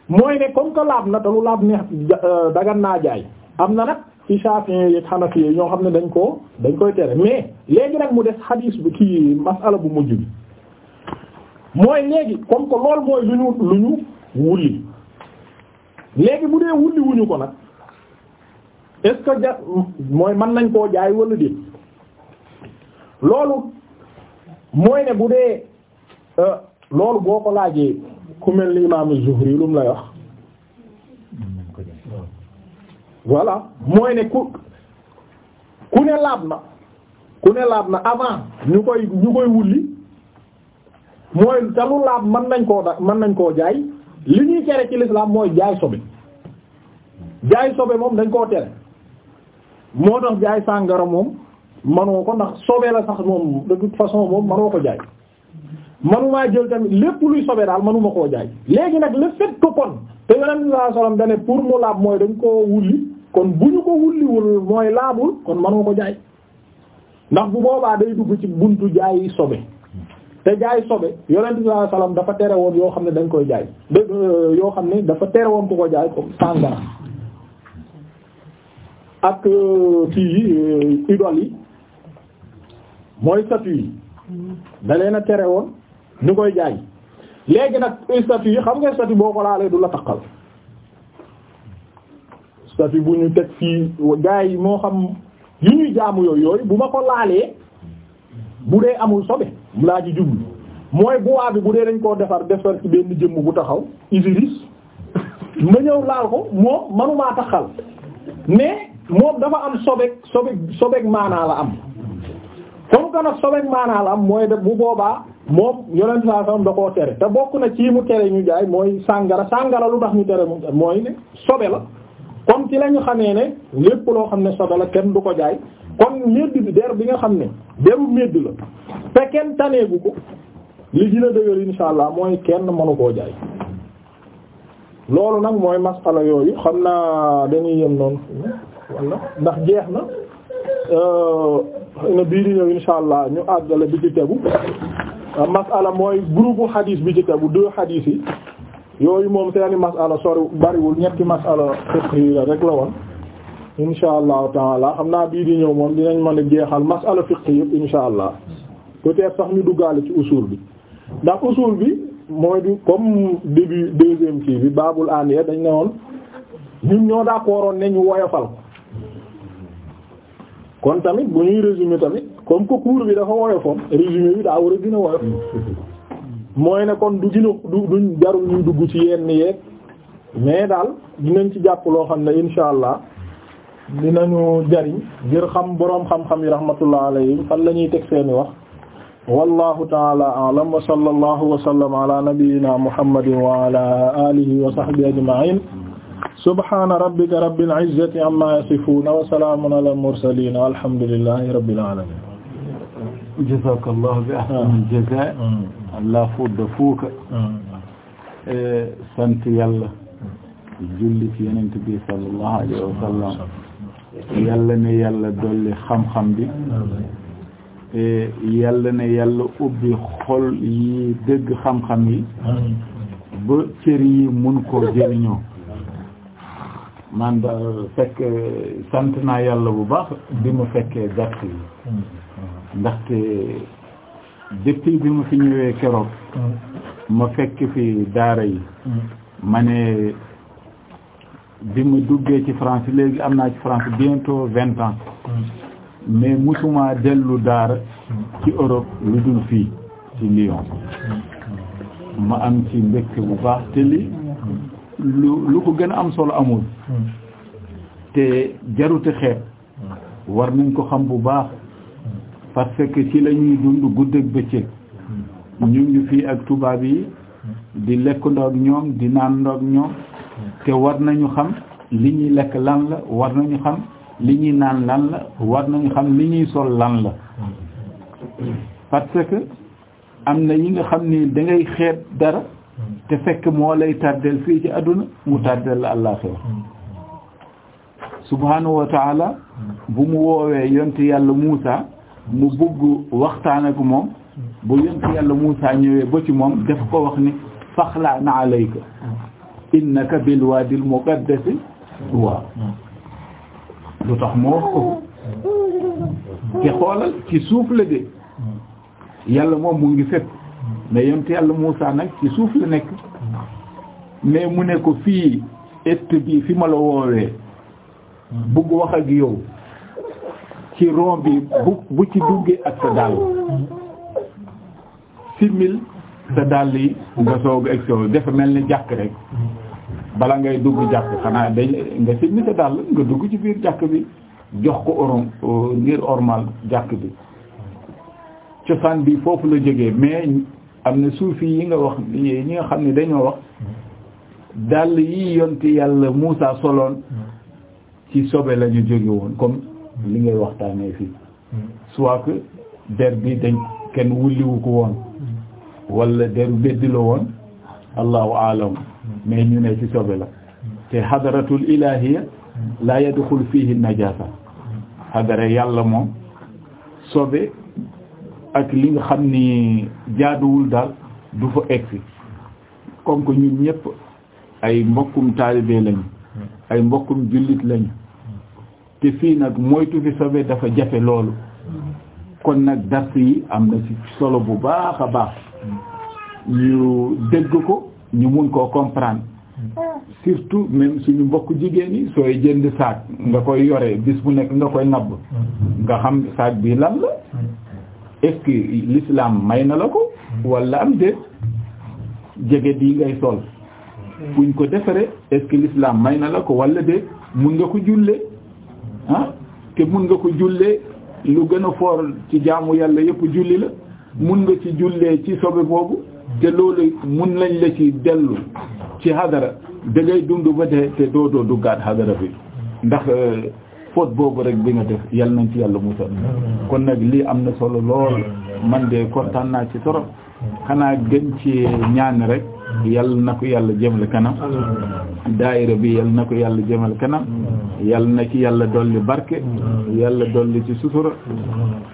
mooy ne comme que laab na te lu laab neex euh, dagan naa jaay am na nag ci Shafi'i yeeg Hanafi yi ñoo xam ne dañ koo dañ koy tere mais léegi nag mu des xadiis bu kii masala bu mujj bi mooy léegi comme que loolu mooy lu ñu lu ñu wulli léegi bu dee wulli wuñu ko nag est que mooy mën nañ koo jaay wala déet loolu mooy ne bu dee euh, loolu boo ko laajee ku mel ni imaam Zuhri lu mu lay wax. voilà mooy ne ku ku ne laab na ku ne laab na avant ñu koy ñu koy wulli mooy te laab mën nañ koo da mën nañ koo jaay li ñuy tere ci l'islam mooy jaay sobe jaay sobe moom dañ koo tere moo tax jaay sàngara moom manoo ko ndax sobe la sax moom de toute façon moom manoo ko jaay manumaa jël tamit lépp luy sobe daal manuma koo jaay léegi nag le fait que kon te yonent bi sallallahu alayhi wasallam dane pour mu laab mooy dañ koo wulli kon bu ñu ko wulliwul mooy laabul kon mënoo ko jaay ndax bu boobaa day dugg ci buntu jaay sobe te jaay sobe yonent bi sallallahu alayhi dafa tere woon yoo xam ne dañ koy jaay da yoo xam ne dafa tere woon ku ko jaay comme sàngara ak euh, kii euh, idole yi mooy yi leen a tere woon ñu koy jaay léegi nag statue yi xam nga statue boo ko laalee du la takkal statut bu ñu teg fii gars yi moo xam yi ñuy jaamu yooyu yooyu bu ma ko laalee bu dee amul sobe laa ji jublu mooy bois bi bu koo defar defar benn jëmm bu taxaw isiris ma ñëw laal ko moom manumaa taxal mais moom dafa am sobeek sobeek sobeek maanaa la am comme que nag sobeek maanaa la am mooy def bu boobaa moom yonent saa sam da tere te bokk na ci mu tere ñu jaay mooy sàngara sàngara lu tax ñu tere mu mooy ne sobe la kon ci la ñu xamee ne lépp loo xam ne sobe la kenn du ko jaay kon médd bi der bi nga xam ne deru médd la te kenn taneegu ko li gën a dëgër insha allah mooy kenn mënu koo jaay loolu nag mooy masala yooyu xam naa dañuy yem noonu wala ndax jeex na na bii di ñëw insha allah ñu àggale bi ci tegu masala mooy groupe hadis bi ci tegu deux hadis yi yooyu moom seeni masala sori bariwul ñetti masala fiqh yi la rek la woon insha allahu taala xam naa bii di ñëw moom dinañ mën a jeexal masala fiqh yëpp insha allah peut-être sax ñu duggaale ci usul bi ndax usul bi mooy du comme début deuxième kii bi babul aniya dañ ne woon ñun ñoo d'accord woon ne ñu woyofal kon tamit bu ñuy résumé tamit comme que cours bi dafa woyofoon résumé bi daa war a dina woyof mooy ne kon du gën a du duñ jarul ñuy dugg ci yenn yeeg mais daal dinañ ci jàpp loo xam ne insha allah dinañu jariñ ngir xam boroom xam-xam yi rahmatullah alayhim fan la ñuy teg seeni wax wallahu taala a'lam wa sallallahu wa sallam ala nabiyyina muhammadin wa ala alihi wa sahbihi ajma'in subhana rabbika rabbil izzati amma yasifun wa salamun ala al mursalin alamin jazakallahu bi ahsanil mm. jazaa mm. allah fuɗɗo fuuka e sant yalla julli ci yonent bi sallallahu alayhi wa sallam yalla ne yalla dolli xam-xam bi eh, yàlla ne yàlla ubbi xol yi dégg xam-xam yi ba cër yi mun ko jëriñoo man da fekk eh, sant naa yàlla bu baax bi mu fekkee gàtt yi ndaxte depuis bi ma fi ñëwee keroog mm. ma fekk fi daara yi mm. ma ne bi mu duggee ci France léegi am naa ci France bientôt vingt ans mm. mais musuma dellu daara ci Europe lu dul fii ci Lyon ma am ci mbégte bu baax te li lu lu ko gën a am solo amul te jarute xeeb war nañ ko xam bu baax parce que ci la ñuy dund guddeeg bëccëg hmm. ñu ngi fii ak tubaab yi hmm. di lekk ndoog ñoom di naan ndoog ñoom hmm. te war nañu xam li ñuy lekk lan la war nañu xam li ñuy naan lan la war nañu xam li ñuy sol lan la parce am na yi nga xam ni dangay xeet dara te fekk moo lay tardeel fii ci àdduna mu tardeel la àllaaxira subhaanahu wa bu mu woowee yonte yàlla Muusa mu bugg waxtaan ak moom bu yent yàlla Muusaa ñëwee ba ci moom daf ko wax ni faxlaa na alayka innaka bil waadil muqaddasi waaw lu tax moo wax ko te xoolal ci suuf la de yàlla moom mu ngi fépp mais yent yàlla Muusaa nag ci suuf la nekk mais mu ne ko fii est bii fi ma la woowee bëgg wax ak yow ci ron bi bu bu ci duggee ak sa dàll simil sa dàll yi nga soog ak soo mel ni jàkk rek bala ngay dugg jàkk xanaa dañ nga simil sa dàll nga dugg ci biir jàkk bi jox ko orom ngir ormal jàkk bi cosaan bi foofu la jógee mais am na suufi yi nga wax ñi nga xam ni dañoo wax dàll yi yoon yonti yàlla Muusa soloon ci sobe lañu jóge woon comme li ngay waxtaanee fii hmm. soit que der bi dañ kenn wulliwu ko woon hmm. wala deru beddi la woon allahu alam hmm. mais ñu ne ci sobe la te xadaratul ilahiya laa yadxul fii najasa xadara yàlla moom sobe ak li nga xam ni jaaduwul daal du fa egsi comme que ñun ñëpp ay mbokkum taalibe lañu ay mbokkum jullit lañu te fii nag mooy fi sobe dafa jafe loolu kon nag dars yi am na ci solo bu baax a baax ñu dégg ko ñu mun koo comprendre surtout même suñu mbokk jigéen yi sooy jënd saak nga koy yore bis bu nekk nga koy nabb nga xam saak bi lan la est may na la ko wala am déet jege di ngay sol buñ ko defaree est-ce may na la ko wala déet mun nga ko jullee ah te mun nga ko jullee lu gën a foor ci jaamu yàlla yëpp julli la mun nga ci jullee ci sobe boobu te loolu mun lañ la ci dellu ci hadara da dund ba dee te doo doo duggaat hadara bi ndax euh, faute boobu rek bi nga def yal nañ ci yàlla musal kon nag lii am na solo lool man de kontaan naa ci torop xanaa gën ci ñaan rek yal na ko yàlla jëmale kanam daayira bi yal na ko yàlla jëmale kanam yal na ci yàlla dolli barke yàlla dolli ci sutura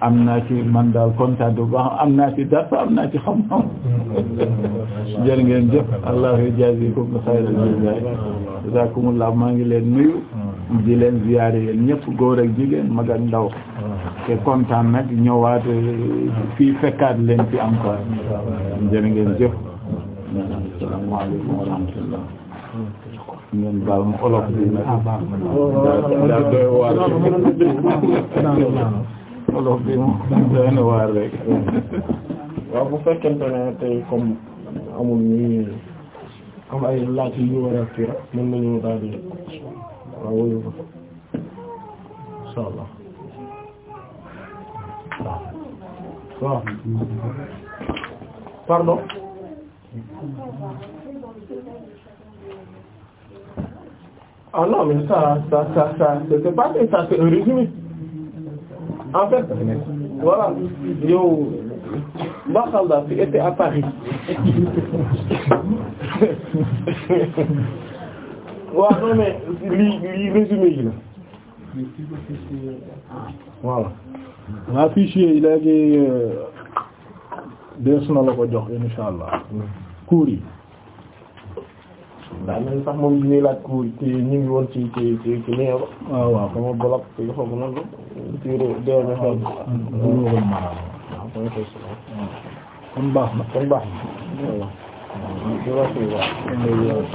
am naa ci man daal kontaan ba baax am naa ci dara am naa ci xam-xam jërë ngeen jëf allahu jaazikum xayral jazaay jazakumullah maa ngi leen nuyu di leen ziyaare yéen ñëpp góor ak jigéen mag ndaw te kontaan nag ñëwaat fii fekkaat leen fi am ko jërë asalaamaaleykum wa rahmatulah. ngeen baal ma olof bi nag. Ah, daa doy waar rek. olof bi moom doy na waar rek. waaw bu fekkente ne tey comme amul ñu am ay laaj yu ñu war a kii rek mën nañu daal di waaw wóyul ko incha allah pardon. Ah non, mais ça, ça, ça, ça, c'est pas ça, c'est un résumé. En fait, voilà, yow Bakhalda fi était à Paris. waaw non mais la. voilà. waa jox inshallah. cours yi. daa mel sax moom ñuy laaj ku ci ñu ngi woon ci ci ci ci néew. waaw ah, waaw sama bolok ci nga xam ne moom ci ah, baax na kon baax na.